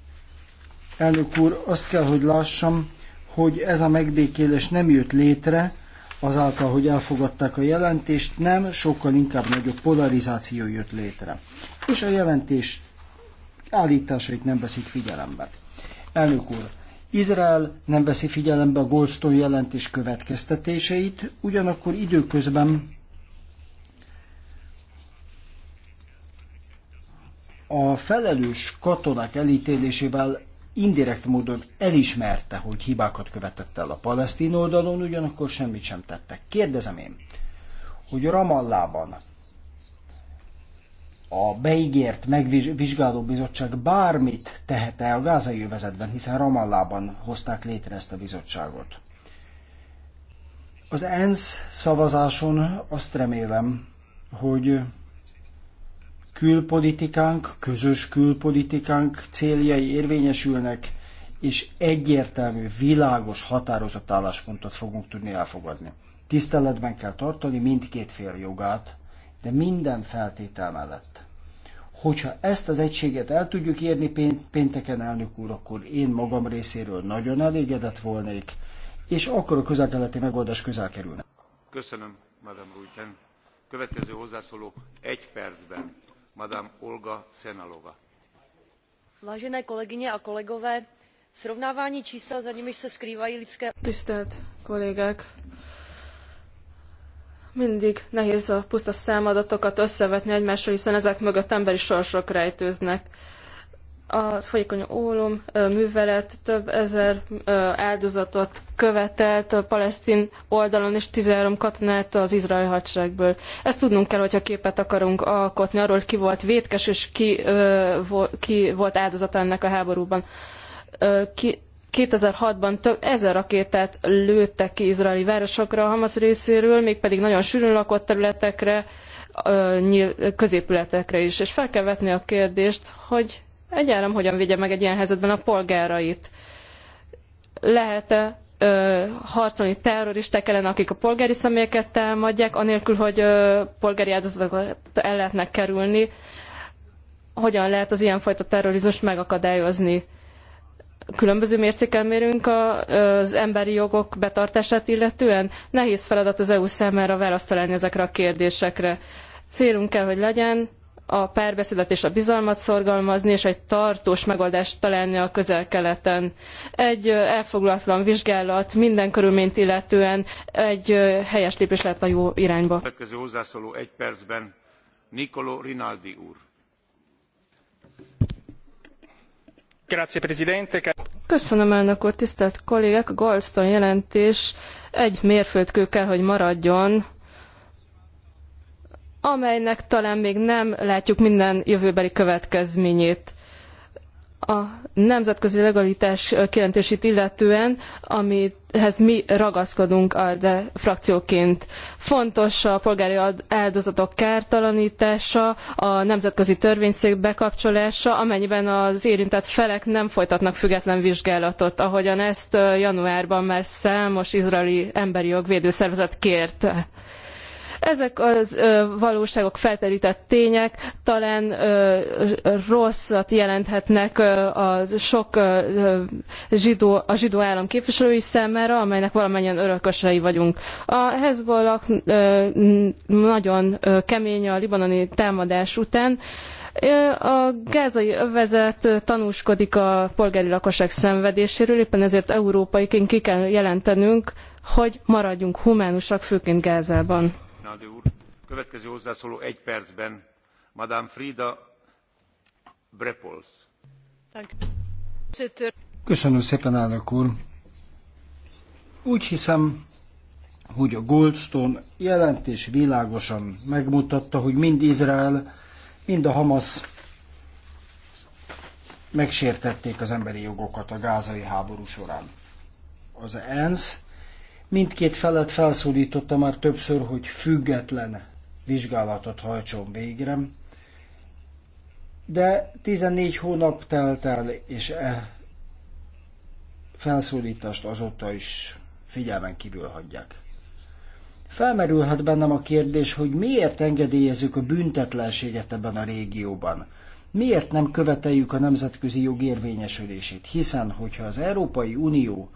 elnök úr, azt kell, hogy lássam, hogy ez a megbékélés nem jött létre, azáltal, hogy elfogadták a jelentést, nem, sokkal inkább nagyobb polarizáció jött létre. És a jelentés állításait nem veszik figyelembe. Elnök úr, Izrael nem veszi figyelembe a Goldstone jelentés következtetéseit, ugyanakkor időközben a felelős katonák elítélésével indirekt módon elismerte, hogy hibákat követett el a palesztin oldalon, ugyanakkor semmit sem tettek. Kérdezem én, hogy Ramallában a beígért megvizsgáló bizottság bármit tehet-e a gázai övezetben, hiszen Ramallában hozták létre ezt a bizottságot. Az ENSZ szavazáson azt remélem, hogy külpolitikánk, közös külpolitikánk céljai érvényesülnek, és egyértelmű, világos, határozott álláspontot fogunk tudni elfogadni. Tiszteletben kell tartani mindkét fél jogát, de minden feltétel mellett. Hogyha ezt az egységet el tudjuk érni pénteken, elnök úr, akkor én magam részéről nagyon elégedett volnék, és akkor a közelkeleti megoldás közel kerülne. Köszönöm, Madame Rújten. Következő hozzászóló egy percben, Madame Olga Szenalova. Vážené kolegyne a kolegové, srovnávání čísel, za nimiž se skrývají lidské... Tisztelt kollégák, mindig nehéz a puszta számadatokat összevetni egymással, hiszen ezek mögött emberi sorsok rejtőznek. A folyékony ólom művelet több ezer áldozatot követelt a palesztin oldalon, és 13 katonát az izraeli hadseregből. Ezt tudnunk kell, hogyha képet akarunk alkotni arról, ki volt vétkes, és ki, ki volt áldozata ennek a háborúban. Ki, 2006-ban több ezer rakétát lőttek ki izraeli városokra a Hamas részéről, mégpedig nagyon sűrűn lakott területekre, középületekre is. És fel kell vetni a kérdést, hogy egy állam hogyan védje meg egy ilyen helyzetben a polgárait. Lehet-e harcolni terroristák ellen, akik a polgári személyeket támadják, anélkül, hogy ö, polgári áldozatokat el lehetnek kerülni? Hogyan lehet az ilyenfajta terrorizmus megakadályozni? különböző mércékkel mérünk az emberi jogok betartását illetően? Nehéz feladat az EU számára választ találni ezekre a kérdésekre. Célunk kell, hogy legyen a párbeszédet és a bizalmat szorgalmazni, és egy tartós megoldást találni a közel-keleten. Egy elfoglalatlan vizsgálat minden körülményt illetően egy helyes lépés lehet a jó irányba. Következő hozzászóló egy percben Nicolo Rinaldi úr Köszönöm elnök úr, tisztelt kollégák! A Goldstone jelentés egy mérföldkő kell, hogy maradjon, amelynek talán még nem látjuk minden jövőbeli következményét a nemzetközi legalitás kijelentését illetően, amihez mi ragaszkodunk a de frakcióként. Fontos a polgári áldozatok kártalanítása, a nemzetközi törvényszék bekapcsolása, amennyiben az érintett felek nem folytatnak független vizsgálatot, ahogyan ezt januárban már számos izraeli emberi jogvédő szervezet kérte. Ezek az valóságok felterített tények talán rosszat jelenthetnek a sok zsidó, a zsidó állam képviselői számára, amelynek valamennyien örökösei vagyunk. A Hezbollah nagyon kemény a libanoni támadás után, a gázai övezet tanúskodik a polgári lakosság szenvedéséről, éppen ezért európaiként ki kell jelentenünk, hogy maradjunk humánusak, főként Gázában. Rinaldi úr. Következő hozzászóló egy percben, Madame Frida Brepols. Köszönöm szépen, elnök úr. Úgy hiszem, hogy a Goldstone jelentés világosan megmutatta, hogy mind Izrael, mind a Hamas megsértették az emberi jogokat a gázai háború során. Az ENSZ Mindkét felet felszólította már többször, hogy független vizsgálatot hajtson végre, de 14 hónap telt el, és e felszólítást azóta is figyelmen kívül hagyják. Felmerülhet bennem a kérdés, hogy miért engedélyezzük a büntetlenséget ebben a régióban. Miért nem követeljük a nemzetközi jog érvényesülését? Hiszen, hogyha az Európai Unió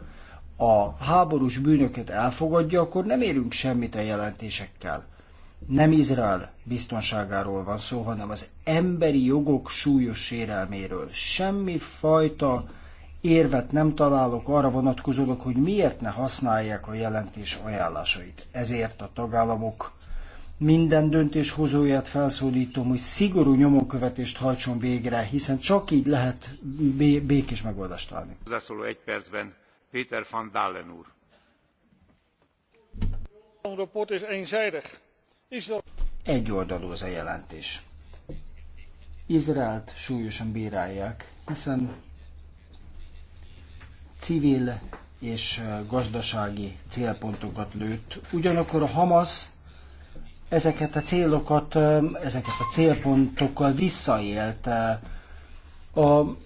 a háborús bűnöket elfogadja, akkor nem érünk semmit a jelentésekkel. Nem Izrael biztonságáról van szó, hanem az emberi jogok súlyos sérelméről. Semmi fajta érvet nem találok arra vonatkozólag, hogy miért ne használják a jelentés ajánlásait. Ezért a tagállamok minden döntéshozóját felszólítom, hogy szigorú nyomókövetést hajtson végre, hiszen csak így lehet békés megoldást találni. egy percben Peter van Egyoldalú az a jelentés. Izraelt súlyosan bírálják, hiszen civil és gazdasági célpontokat lőtt. Ugyanakkor a Hamas ezeket a célokat, ezeket a célpontokkal visszaélt. A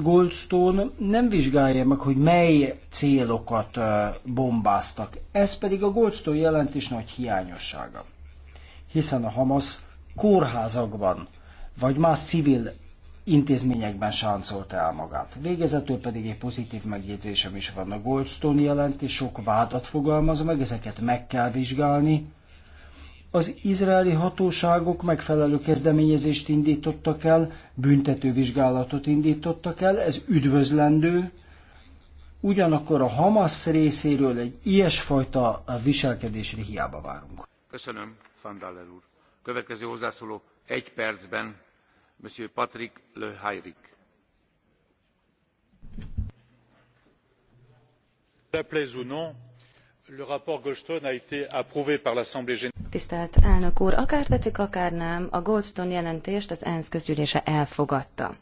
Goldstone nem vizsgálja meg, hogy mely célokat bombáztak. Ez pedig a Goldstone jelentés nagy hiányossága. Hiszen a Hamas kórházakban vagy más civil intézményekben sáncolta el magát. Végezetül pedig egy pozitív megjegyzésem is van. A Goldstone jelentés sok vádat fogalmaz meg, ezeket meg kell vizsgálni, az izraeli hatóságok megfelelő kezdeményezést indítottak el, büntetővizsgálatot indítottak el, ez üdvözlendő, ugyanakkor a Hamas részéről egy ilyesfajta viselkedésre hiába várunk. Köszönöm, Fandaller úr. Következő hozzászóló egy percben, Monsieur Patrick Le Hayrik. Le plaise ou non, Tisztelt elnök úr, akár tetszik, akár nem, a Goldstone jelentést az ENSZ közgyűlése elfogadta.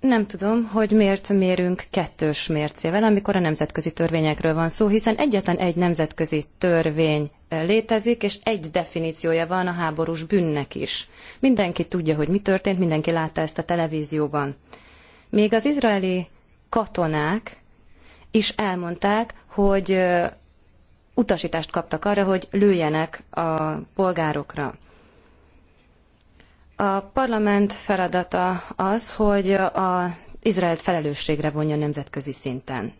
Nem tudom, hogy miért mérünk kettős mércével, amikor a nemzetközi törvényekről van szó, hiszen egyetlen egy nemzetközi törvény eh, létezik, és egy definíciója van a háborús bűnnek is. Mindenki tudja, hogy mi történt, mindenki látta ezt a televízióban. Még az izraeli katonák is elmondták, hogy utasítást kaptak arra, hogy lőjenek a polgárokra. A parlament feladata az, hogy a Izraelt felelősségre vonja nemzetközi szinten.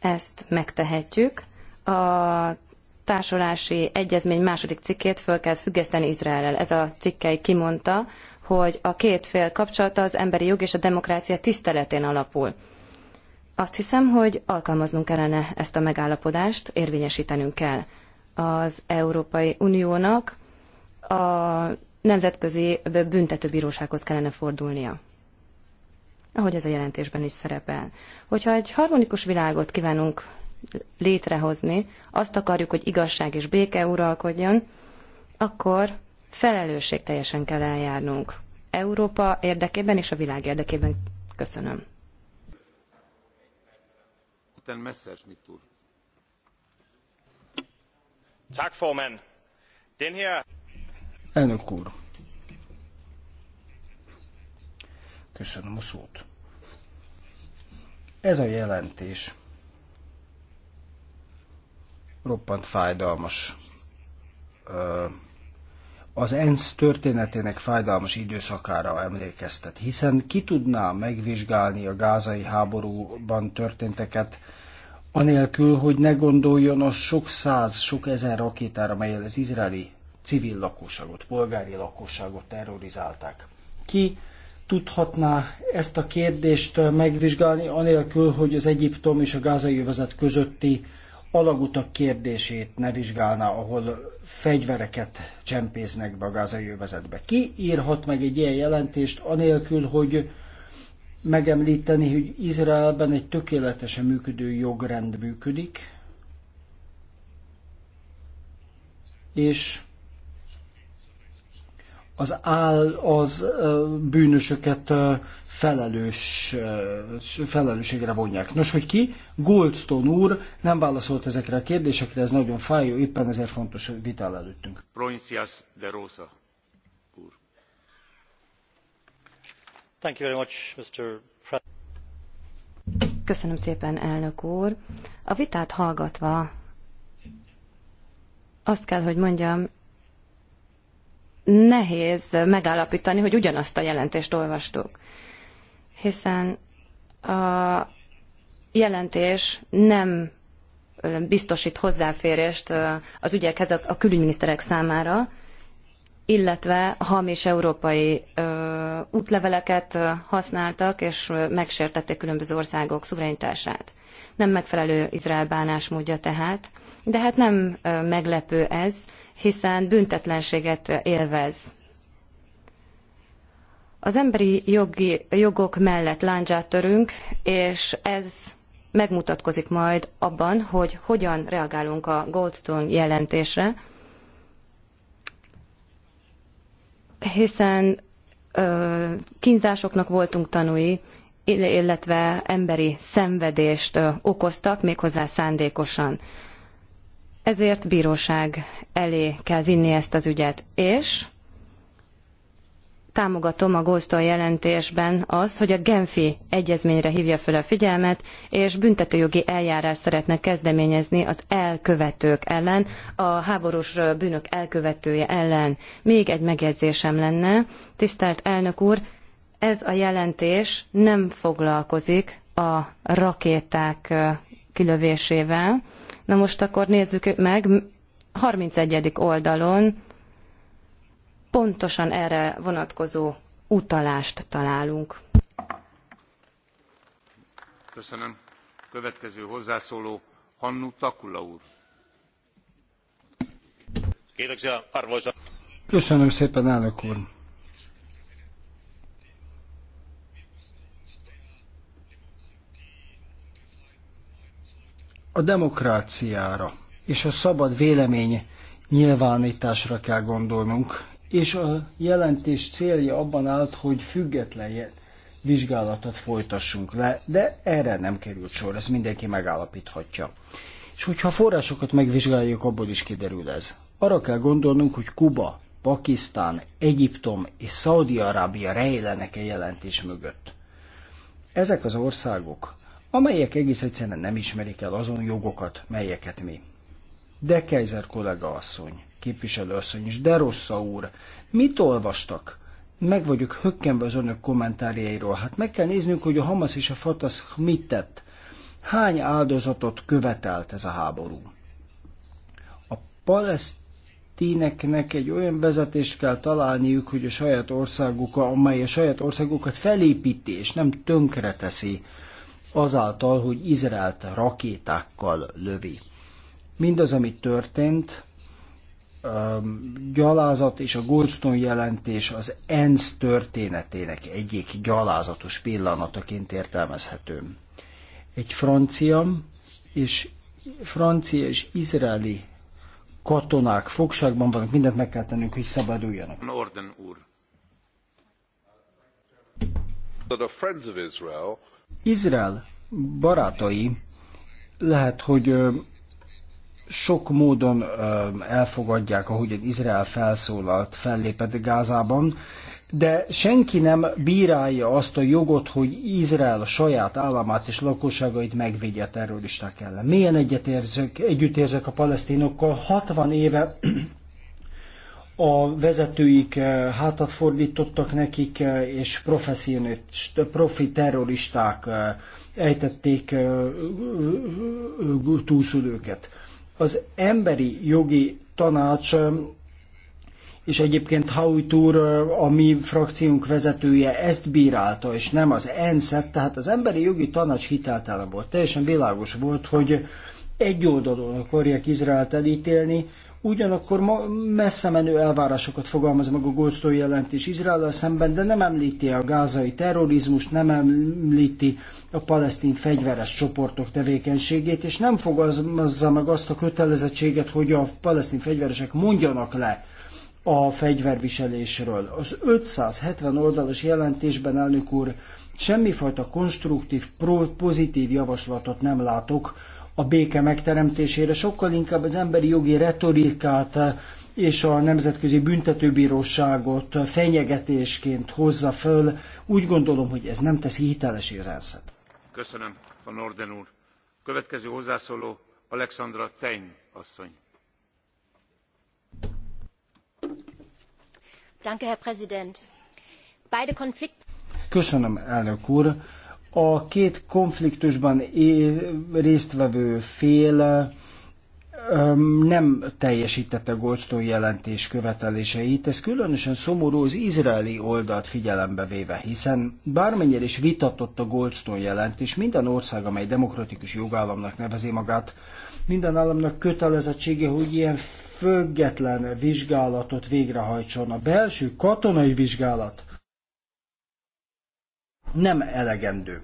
Ezt megtehetjük. A társulási egyezmény második cikkét föl kell függeszteni Izraellel. Ez a cikkei kimondta, hogy a két fél kapcsolata az emberi jog és a demokrácia tiszteletén alapul. Azt hiszem, hogy alkalmaznunk kellene ezt a megállapodást, érvényesítenünk kell az Európai Uniónak a Nemzetközi Büntetőbírósághoz kellene fordulnia. Ahogy ez a jelentésben is szerepel. Hogyha egy harmonikus világot kívánunk létrehozni, azt akarjuk, hogy igazság és béke uralkodjon, akkor felelősségteljesen kell eljárnunk. Európa érdekében és a világ érdekében. Köszönöm. Den Elnök úr. Köszönöm a szót. Ez a jelentés roppant fájdalmas az ENSZ történetének fájdalmas időszakára emlékeztet, hiszen ki tudná megvizsgálni a gázai háborúban történteket, anélkül, hogy ne gondoljon az sok száz, sok ezer rakétára, melyel az izraeli civil lakosságot, polgári lakosságot terrorizálták. Ki tudhatná ezt a kérdést megvizsgálni, anélkül, hogy az Egyiptom és a gázai övezet közötti alagutak kérdését ne vizsgálná, ahol fegyvereket csempésznek be a gázai övezetbe. Ki írhat meg egy ilyen jelentést, anélkül, hogy megemlíteni, hogy Izraelben egy tökéletesen működő jogrend működik, és az áll, az bűnösöket felelős, eh, felelősségre vonják. Nos, hogy ki? Goldstone úr nem válaszolt ezekre a kérdésekre, ez nagyon fájó, éppen ezért fontos vitál előttünk. Provincias de Rosa úr. Thank you very much, Mr. Köszönöm szépen, elnök úr. A vitát hallgatva azt kell, hogy mondjam, nehéz megállapítani, hogy ugyanazt a jelentést olvastuk hiszen a jelentés nem biztosít hozzáférést az ügyekhez a külügyminiszterek számára, illetve hamis európai ö, útleveleket használtak, és megsértették különböző országok szuverenitását. Nem megfelelő Izrael bánásmódja tehát, de hát nem meglepő ez, hiszen büntetlenséget élvez az emberi jogi, jogok mellett lándzsát törünk, és ez megmutatkozik majd abban, hogy hogyan reagálunk a Goldstone jelentésre, hiszen ö, kínzásoknak voltunk tanúi, illetve emberi szenvedést ö, okoztak, méghozzá szándékosan. Ezért bíróság elé kell vinni ezt az ügyet, és támogatom a Goldstone jelentésben azt, hogy a Genfi egyezményre hívja fel a figyelmet, és büntetőjogi eljárás szeretne kezdeményezni az elkövetők ellen, a háborús bűnök elkövetője ellen. Még egy megjegyzésem lenne, tisztelt elnök úr, ez a jelentés nem foglalkozik a rakéták kilövésével. Na most akkor nézzük meg, 31. oldalon pontosan erre vonatkozó utalást találunk. Köszönöm. Következő hozzászóló Hannu Takula úr. Köszönöm szépen, elnök úr. A demokráciára és a szabad vélemény nyilvánításra kell gondolnunk, és a jelentés célja abban állt, hogy független vizsgálatot folytassunk le, de erre nem került sor, ezt mindenki megállapíthatja. És hogyha forrásokat megvizsgáljuk, abból is kiderül ez. Arra kell gondolnunk, hogy Kuba, Pakisztán, Egyiptom és Szaudi-Arábia rejlenek egy jelentés mögött. Ezek az országok, amelyek egész egyszerűen nem ismerik el azon jogokat, melyeket mi. De Kaiser kollega asszony, asszony is, de rossza úr, mit olvastak? Meg vagyok hökkenve az önök kommentárjairól. Hát meg kell néznünk, hogy a Hamas és a Fatah mit tett. Hány áldozatot követelt ez a háború? A palesztíneknek egy olyan vezetést kell találniuk, hogy a saját országuk, amely a saját országukat felépíti és nem tönkre teszi azáltal, hogy Izraelt rakétákkal lövi. Mindaz, ami történt, gyalázat és a Goldstone jelentés az ENSZ történetének egyik gyalázatos pillanataként értelmezhető. Egy francia és francia és izraeli katonák fogságban vannak, mindent meg kell tennünk, hogy szabaduljanak. Norden úr. Izrael barátai lehet, hogy sok módon elfogadják, egy Izrael felszólalt, fellépett Gázában, de senki nem bírálja azt a jogot, hogy Izrael a saját államát és lakosságait megvédje terroristák ellen. Milyen egyetérzek, együttérzek a palesztinokkal. 60 éve a vezetőik hátat fordítottak nekik, és profi terroristák ejtették túlszülőket. Az emberi jogi tanács és egyébként Howitt a mi frakciónk vezetője ezt bírálta, és nem az ensz tehát az emberi jogi tanács hiteltelen volt. Teljesen világos volt, hogy egy oldalon akarják Izraelt elítélni, Ugyanakkor ma messze menő elvárásokat fogalmaz meg a Goldstone jelentés Izrael szemben, de nem említi a gázai terrorizmust, nem említi a palesztin fegyveres csoportok tevékenységét, és nem fogalmazza meg azt a kötelezettséget, hogy a palesztin fegyveresek mondjanak le a fegyverviselésről. Az 570 oldalas jelentésben, elnök úr, semmifajta konstruktív, pozitív javaslatot nem látok a béke megteremtésére, sokkal inkább az emberi jogi retorikát eh, és a Nemzetközi Büntetőbíróságot fenyegetésként hozza föl. Úgy gondolom, hogy ez nem teszi hitelesé az Köszönöm, Van Orden úr. Következő hozzászóló Alexandra Tein asszony. Danke, Herr Präsident. Beide Konflikt... Köszönöm, elnök úr a két konfliktusban résztvevő fél nem teljesítette Goldstone jelentés követeléseit. Ez különösen szomorú az izraeli oldalt figyelembe véve, hiszen bármennyire is vitatott a Goldstone jelentés, minden ország, amely demokratikus jogállamnak nevezi magát, minden államnak kötelezettsége, hogy ilyen független vizsgálatot végrehajtson. A belső katonai vizsgálat nem elegendő.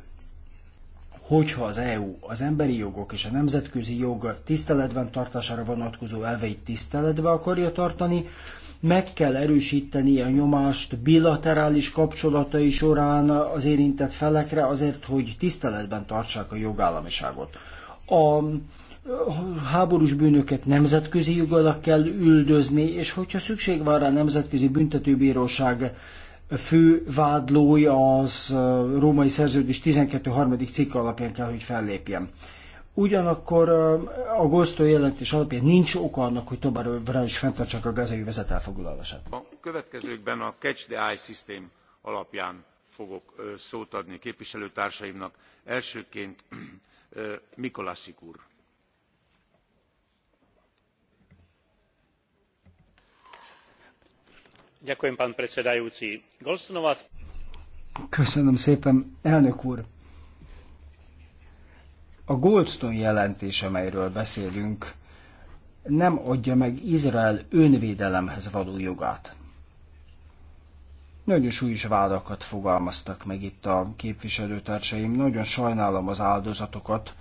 Hogyha az EU az emberi jogok és a nemzetközi jog tiszteletben tartására vonatkozó elveit tiszteletbe akarja tartani, meg kell erősíteni a nyomást bilaterális kapcsolatai során az érintett felekre azért, hogy tiszteletben tartsák a jogállamiságot. A háborús bűnöket nemzetközi jog alatt kell üldözni, és hogyha szükség van rá a Nemzetközi Büntetőbíróság fő vádlója az római szerződés 12. harmadik alapján kell, hogy fellépjen. Ugyanakkor a Gosztó jelentés alapján nincs oka annak, hogy továbbra is fenntartsák a gazai vezet elfoglalását. A következőkben a Catch the Eye System alapján fogok szót adni képviselőtársaimnak. Elsőként Mikolászik úr Köszönöm szépen, elnök úr! A Goldstone jelentés, amelyről beszélünk, nem adja meg Izrael önvédelemhez való jogát. Nagyon súlyos vádakat fogalmaztak meg itt a képviselőtársaim, nagyon sajnálom az áldozatokat,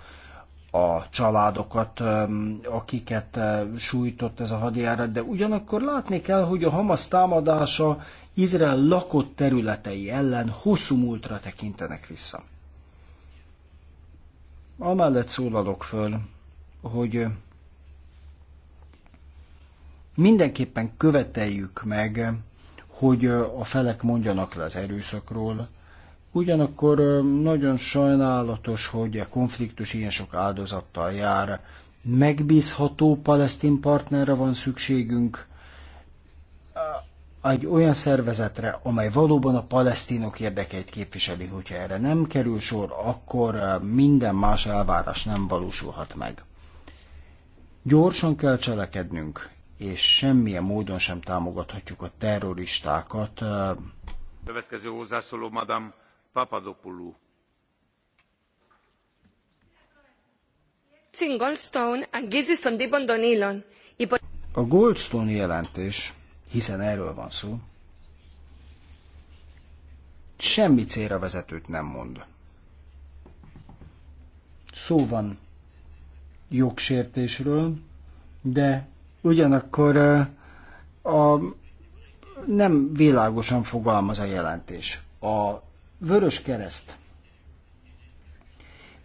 a családokat, akiket sújtott ez a hadjárat, de ugyanakkor látni kell, hogy a Hamas támadása Izrael lakott területei ellen hosszú múltra tekintenek vissza. Amellett szólalok föl, hogy mindenképpen követeljük meg, hogy a felek mondjanak le az erőszakról, Ugyanakkor nagyon sajnálatos, hogy a konfliktus ilyen sok áldozattal jár. Megbízható palesztin partnerre van szükségünk, egy olyan szervezetre, amely valóban a palesztinok érdekeit képviseli, hogyha erre nem kerül sor, akkor minden más elvárás nem valósulhat meg. Gyorsan kell cselekednünk, és semmilyen módon sem támogathatjuk a terroristákat. Következő hozzászóló, Madame a Goldstone jelentés, hiszen erről van szó, semmi célra vezetőt nem mond. Szó van jogsértésről, de ugyanakkor eh, a, nem világosan fogalmaz a jelentés. A Vörös kereszt.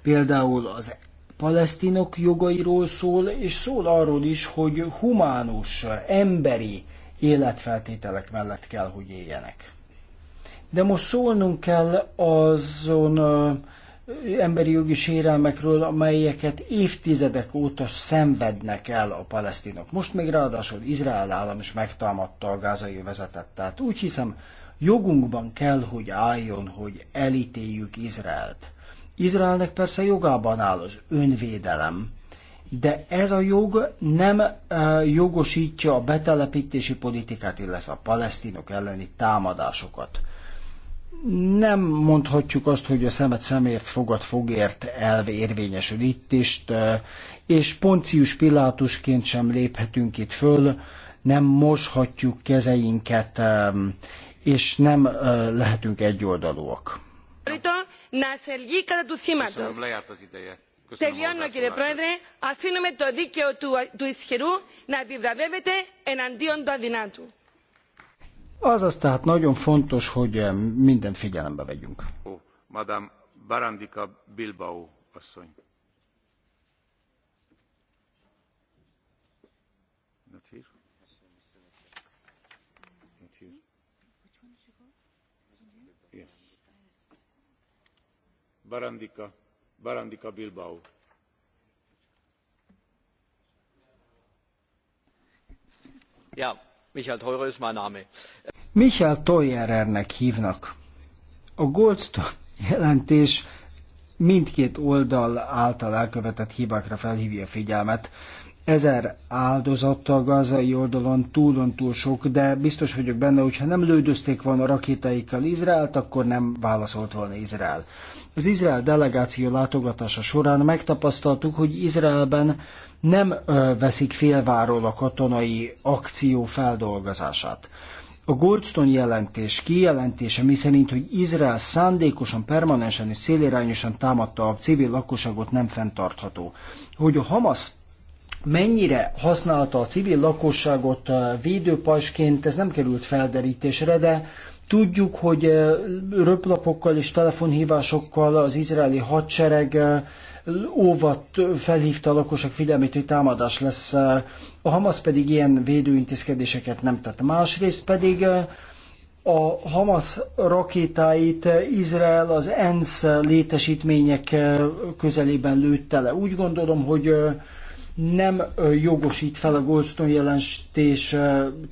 Például az palesztinok jogairól szól, és szól arról is, hogy humánus, emberi életfeltételek mellett kell, hogy éljenek. De most szólnunk kell azon emberi jogi sérelmekről, amelyeket évtizedek óta szenvednek el a palesztinok. Most még ráadásul Izrael állam is megtámadta a gázai vezetet. Tehát úgy hiszem, Jogunkban kell, hogy álljon, hogy elítéljük Izraelt. Izraelnek persze jogában áll az önvédelem, de ez a jog nem e, jogosítja a betelepítési politikát, illetve a palesztinok elleni támadásokat. Nem mondhatjuk azt, hogy a szemet szemért, fogad fogért elv érvényesül itt is, e, és Poncius Pilátusként sem léphetünk itt föl, nem moshatjuk kezeinket, és nem lehetünk egyoldalúak. Köszönöm, lejárt az ideje. Τελειώνω κύριε Πρόεδρε, αφήνουμε το δίκαιο του, του ισχυρού να επιβραβεύεται εναντίον του αδυνάτου. Azaz tehát nagyon fontos, hogy mindent figyelembe vegyünk. Madame Barandika Bilbao asszony. barandika, barandika bilbao. Ja, Michael Teurer ist mein Name. Michael Teurernek hívnak. A Goldstone jelentés mindkét oldal által elkövetett hibákra felhívja a figyelmet ezer áldozat a gazai oldalon túlon túl sok, de biztos vagyok benne, hogy ha nem lődözték volna rakétáikkal Izraelt, akkor nem válaszolt volna Izrael. Az Izrael delegáció látogatása során megtapasztaltuk, hogy Izraelben nem veszik félváról a katonai akció feldolgozását. A Goldstone jelentés kijelentése miszerint, hogy Izrael szándékosan, permanensen és szélirányosan támadta a civil lakosságot nem fenntartható. Hogy a Hamas mennyire használta a civil lakosságot védőpajsként, ez nem került felderítésre, de tudjuk, hogy röplapokkal és telefonhívásokkal az izraeli hadsereg óvat felhívta a lakosok figyelmét, hogy támadás lesz. A Hamas pedig ilyen védőintézkedéseket nem tett. Másrészt pedig a Hamas rakétáit Izrael az ENSZ létesítmények közelében lőtte le. Úgy gondolom, hogy nem jogosít fel a Goldstone jelentés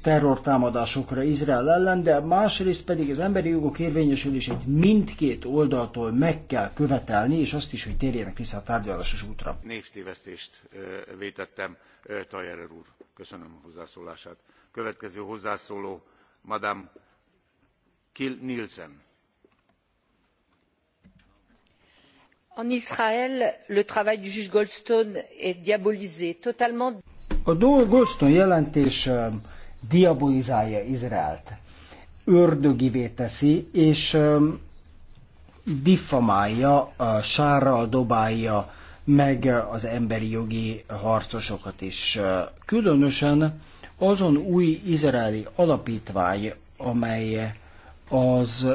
terrortámadásokra Izrael ellen, de másrészt pedig az emberi jogok érvényesülését mindkét oldaltól meg kell követelni, és azt is, hogy térjenek vissza a tárgyalásos útra. Névtévesztést vétettem, Tajerer úr. Köszönöm a hozzászólását. Következő hozzászóló, Madame Kill Nielsen En Israël, le travail du juge Goldstone est diabolisé totalement. A Goldstone jelentés diabolizálja Izraelt. Ördögivé teszi, és diffamálja, sárral dobálja meg az emberi jogi harcosokat is. Különösen azon új izraeli alapítvány, amely az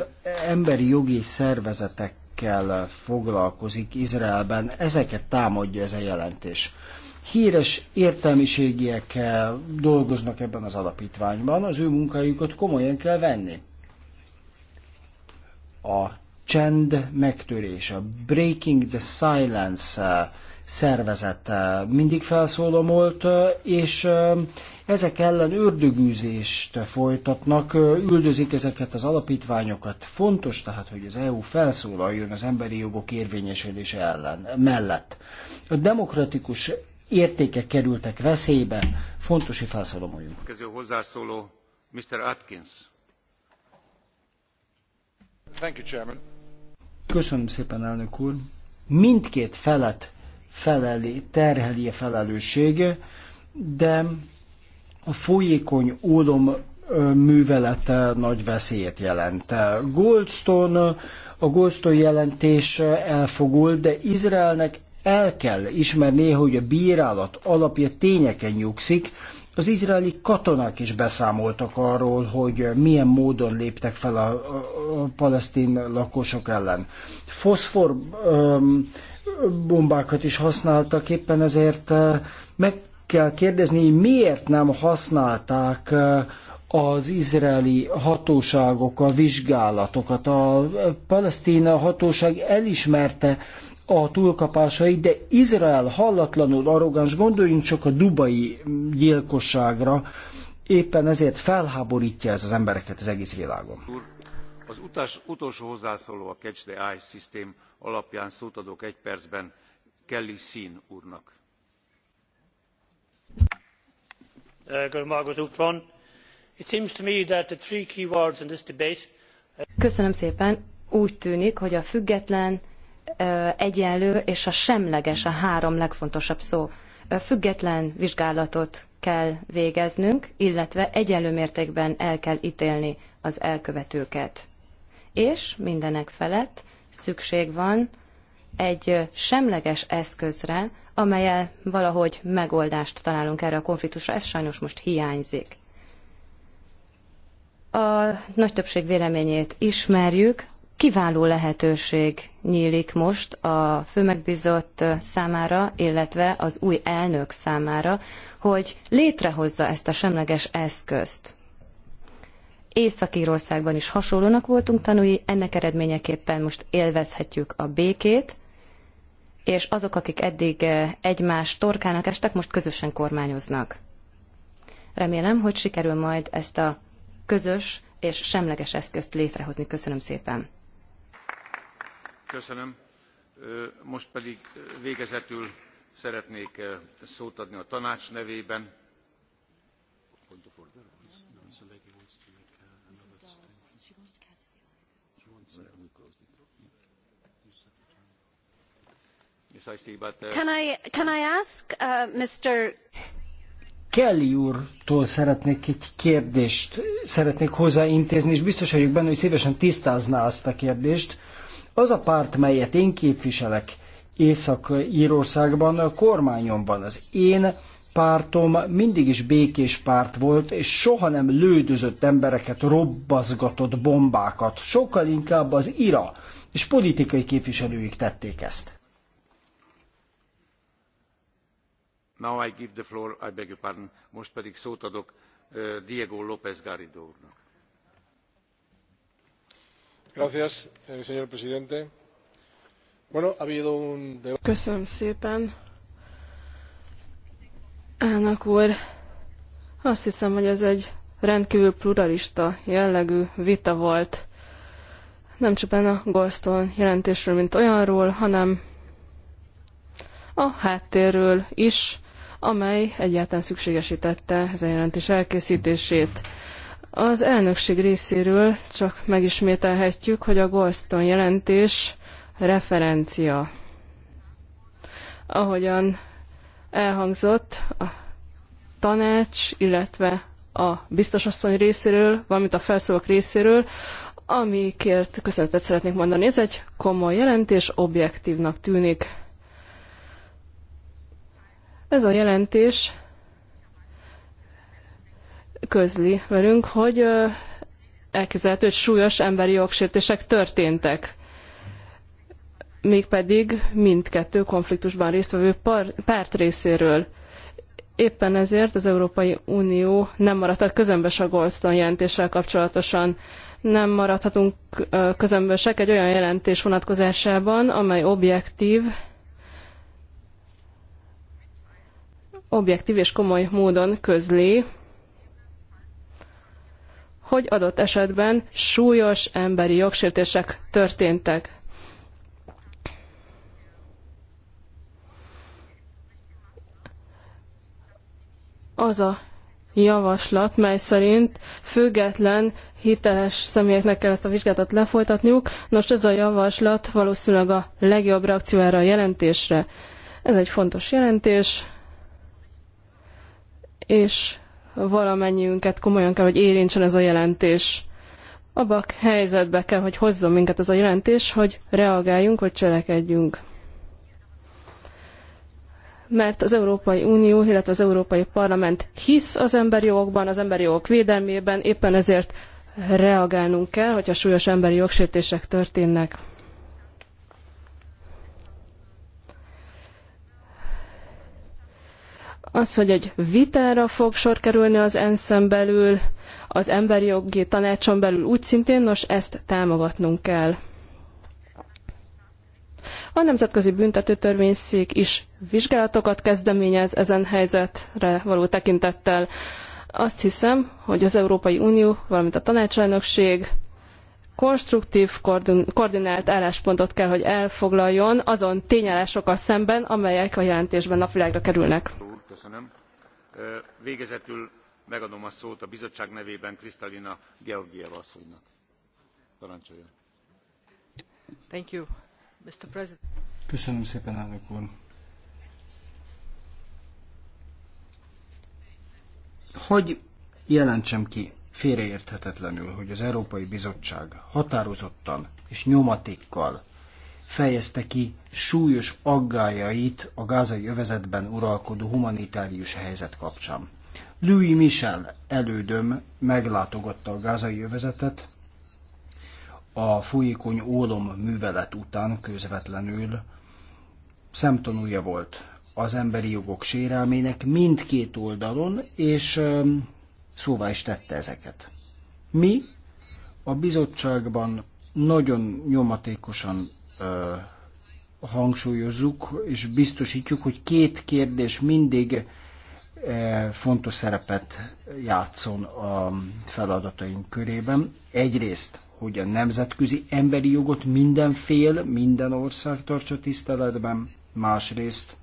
emberi jogi szervezetek ügyekkel foglalkozik Izraelben, ezeket támadja ez a jelentés. Híres értelmiségiek eh, dolgoznak ebben az alapítványban, az ő munkájukat komolyan kell venni. A csend megtörése, a Breaking the Silence eh, szervezet eh, mindig felszólomolt, és ezek ellen ördögűzést folytatnak, üldözik ezeket az alapítványokat. Fontos tehát, hogy az EU felszólaljon az emberi jogok érvényesülése ellen, mellett. A demokratikus értékek kerültek veszélybe, fontos, hogy felszólaljunk. Következő hozzászóló Mr. Atkins. Thank you, Chairman. Köszönöm szépen, elnök úr. Mindkét felet feleli, terheli a felelősség, de a folyékony ólom művelete nagy veszélyet jelent. Goldstone, a Goldstone jelentés elfogul, de Izraelnek el kell ismernie, hogy a bírálat alapja tényeken nyugszik, az izraeli katonák is beszámoltak arról, hogy milyen módon léptek fel a, a palesztin lakosok ellen. Foszfor bombákat is használtak, éppen ezért meg kell kérdezni, miért nem használták az izraeli hatóságok a vizsgálatokat. A palesztina hatóság elismerte a túlkapásait, de Izrael hallatlanul arrogáns, gondoljunk csak a dubai gyilkosságra, éppen ezért felháborítja ez az embereket az egész világon. az utas, utolsó hozzászóló a Catch the Eye System alapján szót adok egy percben Kelly Szín úrnak. Uh, Köszönöm szépen. Úgy tűnik, hogy a független, uh, egyenlő és a semleges a három legfontosabb szó. Uh, független vizsgálatot kell végeznünk, illetve egyenlő mértékben el kell télni az elkövetőket. És mindenek felett szükség van egy semleges eszközre, amelyel valahogy megoldást találunk erre a konfliktusra. Ez sajnos most hiányzik. A nagy többség véleményét ismerjük, kiváló lehetőség nyílik most a főmegbízott számára, illetve az új elnök számára, hogy létrehozza ezt a semleges eszközt. Észak-Írországban is hasonlónak voltunk tanúi, ennek eredményeképpen most élvezhetjük a békét, és azok, akik eddig eh, egymás torkának estek, most közösen kormányoznak. Remélem, hogy sikerül majd ezt a közös és semleges eszközt létrehozni. Köszönöm szépen. Köszönöm. Most pedig végezetül szeretnék szót adni a tanács nevében. Uh, can I, can I ask uh, Mr. Kelly úrtól szeretnék egy kérdést, szeretnék hozzáintézni, és biztos vagyok benne, hogy szívesen tisztázná azt a kérdést. Az a párt, melyet én képviselek Észak-Írországban, kormányon van. Az én pártom mindig is békés párt volt, és soha nem lődözött embereket, robbazgatott bombákat. Sokkal inkább az IRA és politikai képviselőik tették ezt. Now I give the floor, I beg your pardon, most pedig szót adok Diego López Garrido úrnak. Eh, Köszönöm szépen. Elnök úr, azt hiszem, hogy ez egy rendkívül pluralista jellegű vita volt. Nem csupán a Goldstone jelentésről, mint olyanról, hanem a háttérről is, amely egyáltalán szükségesítette ezen jelentés elkészítését. Az elnökség részéről csak megismételhetjük, hogy a Goldstone jelentés referencia. Ahogyan elhangzott, a tanács, illetve a biztosasszony részéről, valamint a felszólók részéről, amikért köszönetet szeretnék mondani. Ez egy komoly jelentés, objektívnak tűnik. Ez a jelentés közli velünk, hogy elképzelhető, hogy súlyos emberi jogsértések történtek mégpedig mindkettő konfliktusban résztvevő párt részéről. Éppen ezért az Európai Unió nem maradhat közömbös a Goldstone jelentéssel kapcsolatosan. Nem maradhatunk közömbösek egy olyan jelentés vonatkozásában, amely objektív objektív és komoly módon közli, hogy adott esetben súlyos emberi jogsértések történtek. Az a javaslat, mely szerint független, hiteles személyeknek kell ezt a vizsgálatot lefolytatniuk. Nos, ez a javaslat valószínűleg a legjobb reakció erre a jelentésre. Ez egy fontos jelentés, és valamennyiünket komolyan kell, hogy érintsen ez a jelentés. Abba helyzetbe kell, hogy hozzon minket ez a jelentés, hogy reagáljunk, hogy cselekedjünk. Mert az Európai Unió, illetve az Európai Parlament hisz az emberi jogokban, az emberi jogok védelmében, éppen ezért reagálnunk kell, hogyha súlyos emberi jogsértések történnek. az, hogy egy vitára fog sor kerülni az ENSZ-en belül, az emberi jogi tanácson belül úgy szintén, nos, ezt támogatnunk kell. A Nemzetközi Büntetőtörvényszék is vizsgálatokat kezdeményez ezen helyzetre való tekintettel. Azt hiszem, hogy az Európai Unió, valamint a tanácselnökség konstruktív, koordinált álláspontot kell, hogy elfoglaljon azon tényállásokkal szemben, amelyek a jelentésben napvilágra kerülnek végezetül megadom a szót a bizottság nevében kristalina georgieva asszonynak. parancsoljon! Köszönöm szépen, elnök úr! Hogy jelentsem ki félreérthetetlenül, hogy az Európai Bizottság határozottan és nyomatékkal fejezte ki súlyos aggájait a gázai övezetben uralkodó humanitárius helyzet kapcsán. Louis Michel elődöm meglátogatta a gázai övezetet a folyékony ólom művelet után közvetlenül. Szemtanúja volt az emberi jogok sérelmének mindkét oldalon, és um, szóvá is tette ezeket. Mi a bizottságban nagyon nyomatékosan hangsúlyozzuk, és biztosítjuk, hogy két kérdés mindig fontos szerepet játszon a feladataink körében. Egyrészt, hogy a nemzetközi emberi jogot minden fél, minden ország tartsa tiszteletben, másrészt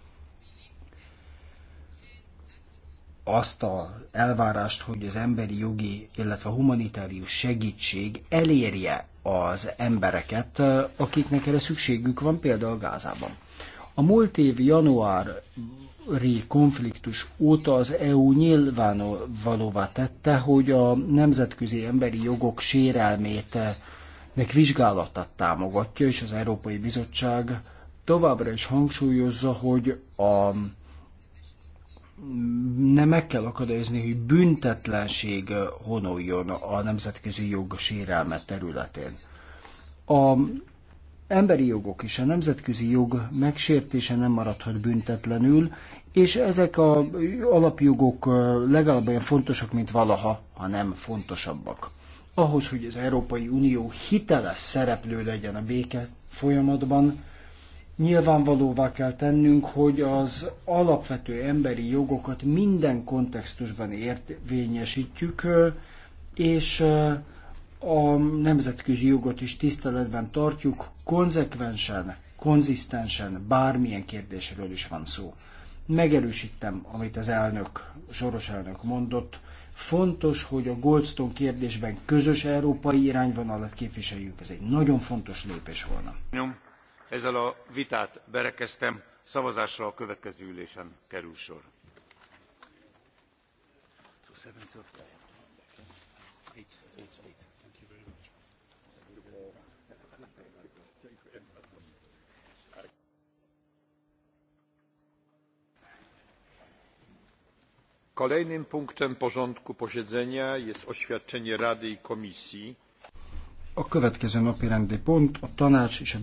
azt az elvárást, hogy az emberi jogi, illetve a humanitárius segítség elérje az embereket, akiknek erre szükségük van, például Gázában. A múlt év januári konfliktus óta az EU nyilvánvalóvá tette, hogy a nemzetközi emberi jogok sérelmét nek vizsgálatát támogatja, és az Európai Bizottság továbbra is hangsúlyozza, hogy a nem meg kell akadályozni, hogy büntetlenség honoljon a nemzetközi jog sérelme területén. A emberi jogok és a nemzetközi jog megsértése nem maradhat büntetlenül, és ezek a alapjogok legalább olyan fontosak, mint valaha, ha nem fontosabbak. Ahhoz, hogy az Európai Unió hiteles szereplő legyen a béke folyamatban, Nyilvánvalóvá kell tennünk, hogy az alapvető emberi jogokat minden kontextusban érvényesítjük, és a nemzetközi jogot is tiszteletben tartjuk, konzekvensen, konzisztensen, bármilyen kérdésről is van szó. Megerősítem, amit az elnök, soros elnök mondott, fontos, hogy a Goldstone kérdésben közös európai irányvonalat képviseljük, Ez egy nagyon fontos lépés volna. Nyom ezzel a vitát berekeztem szavazásra a következő ülésen kerül sor. kolejnym punktem porządku posiedzenia jest oświadczenie rady i komisji a következő napirendi pont a tanács és a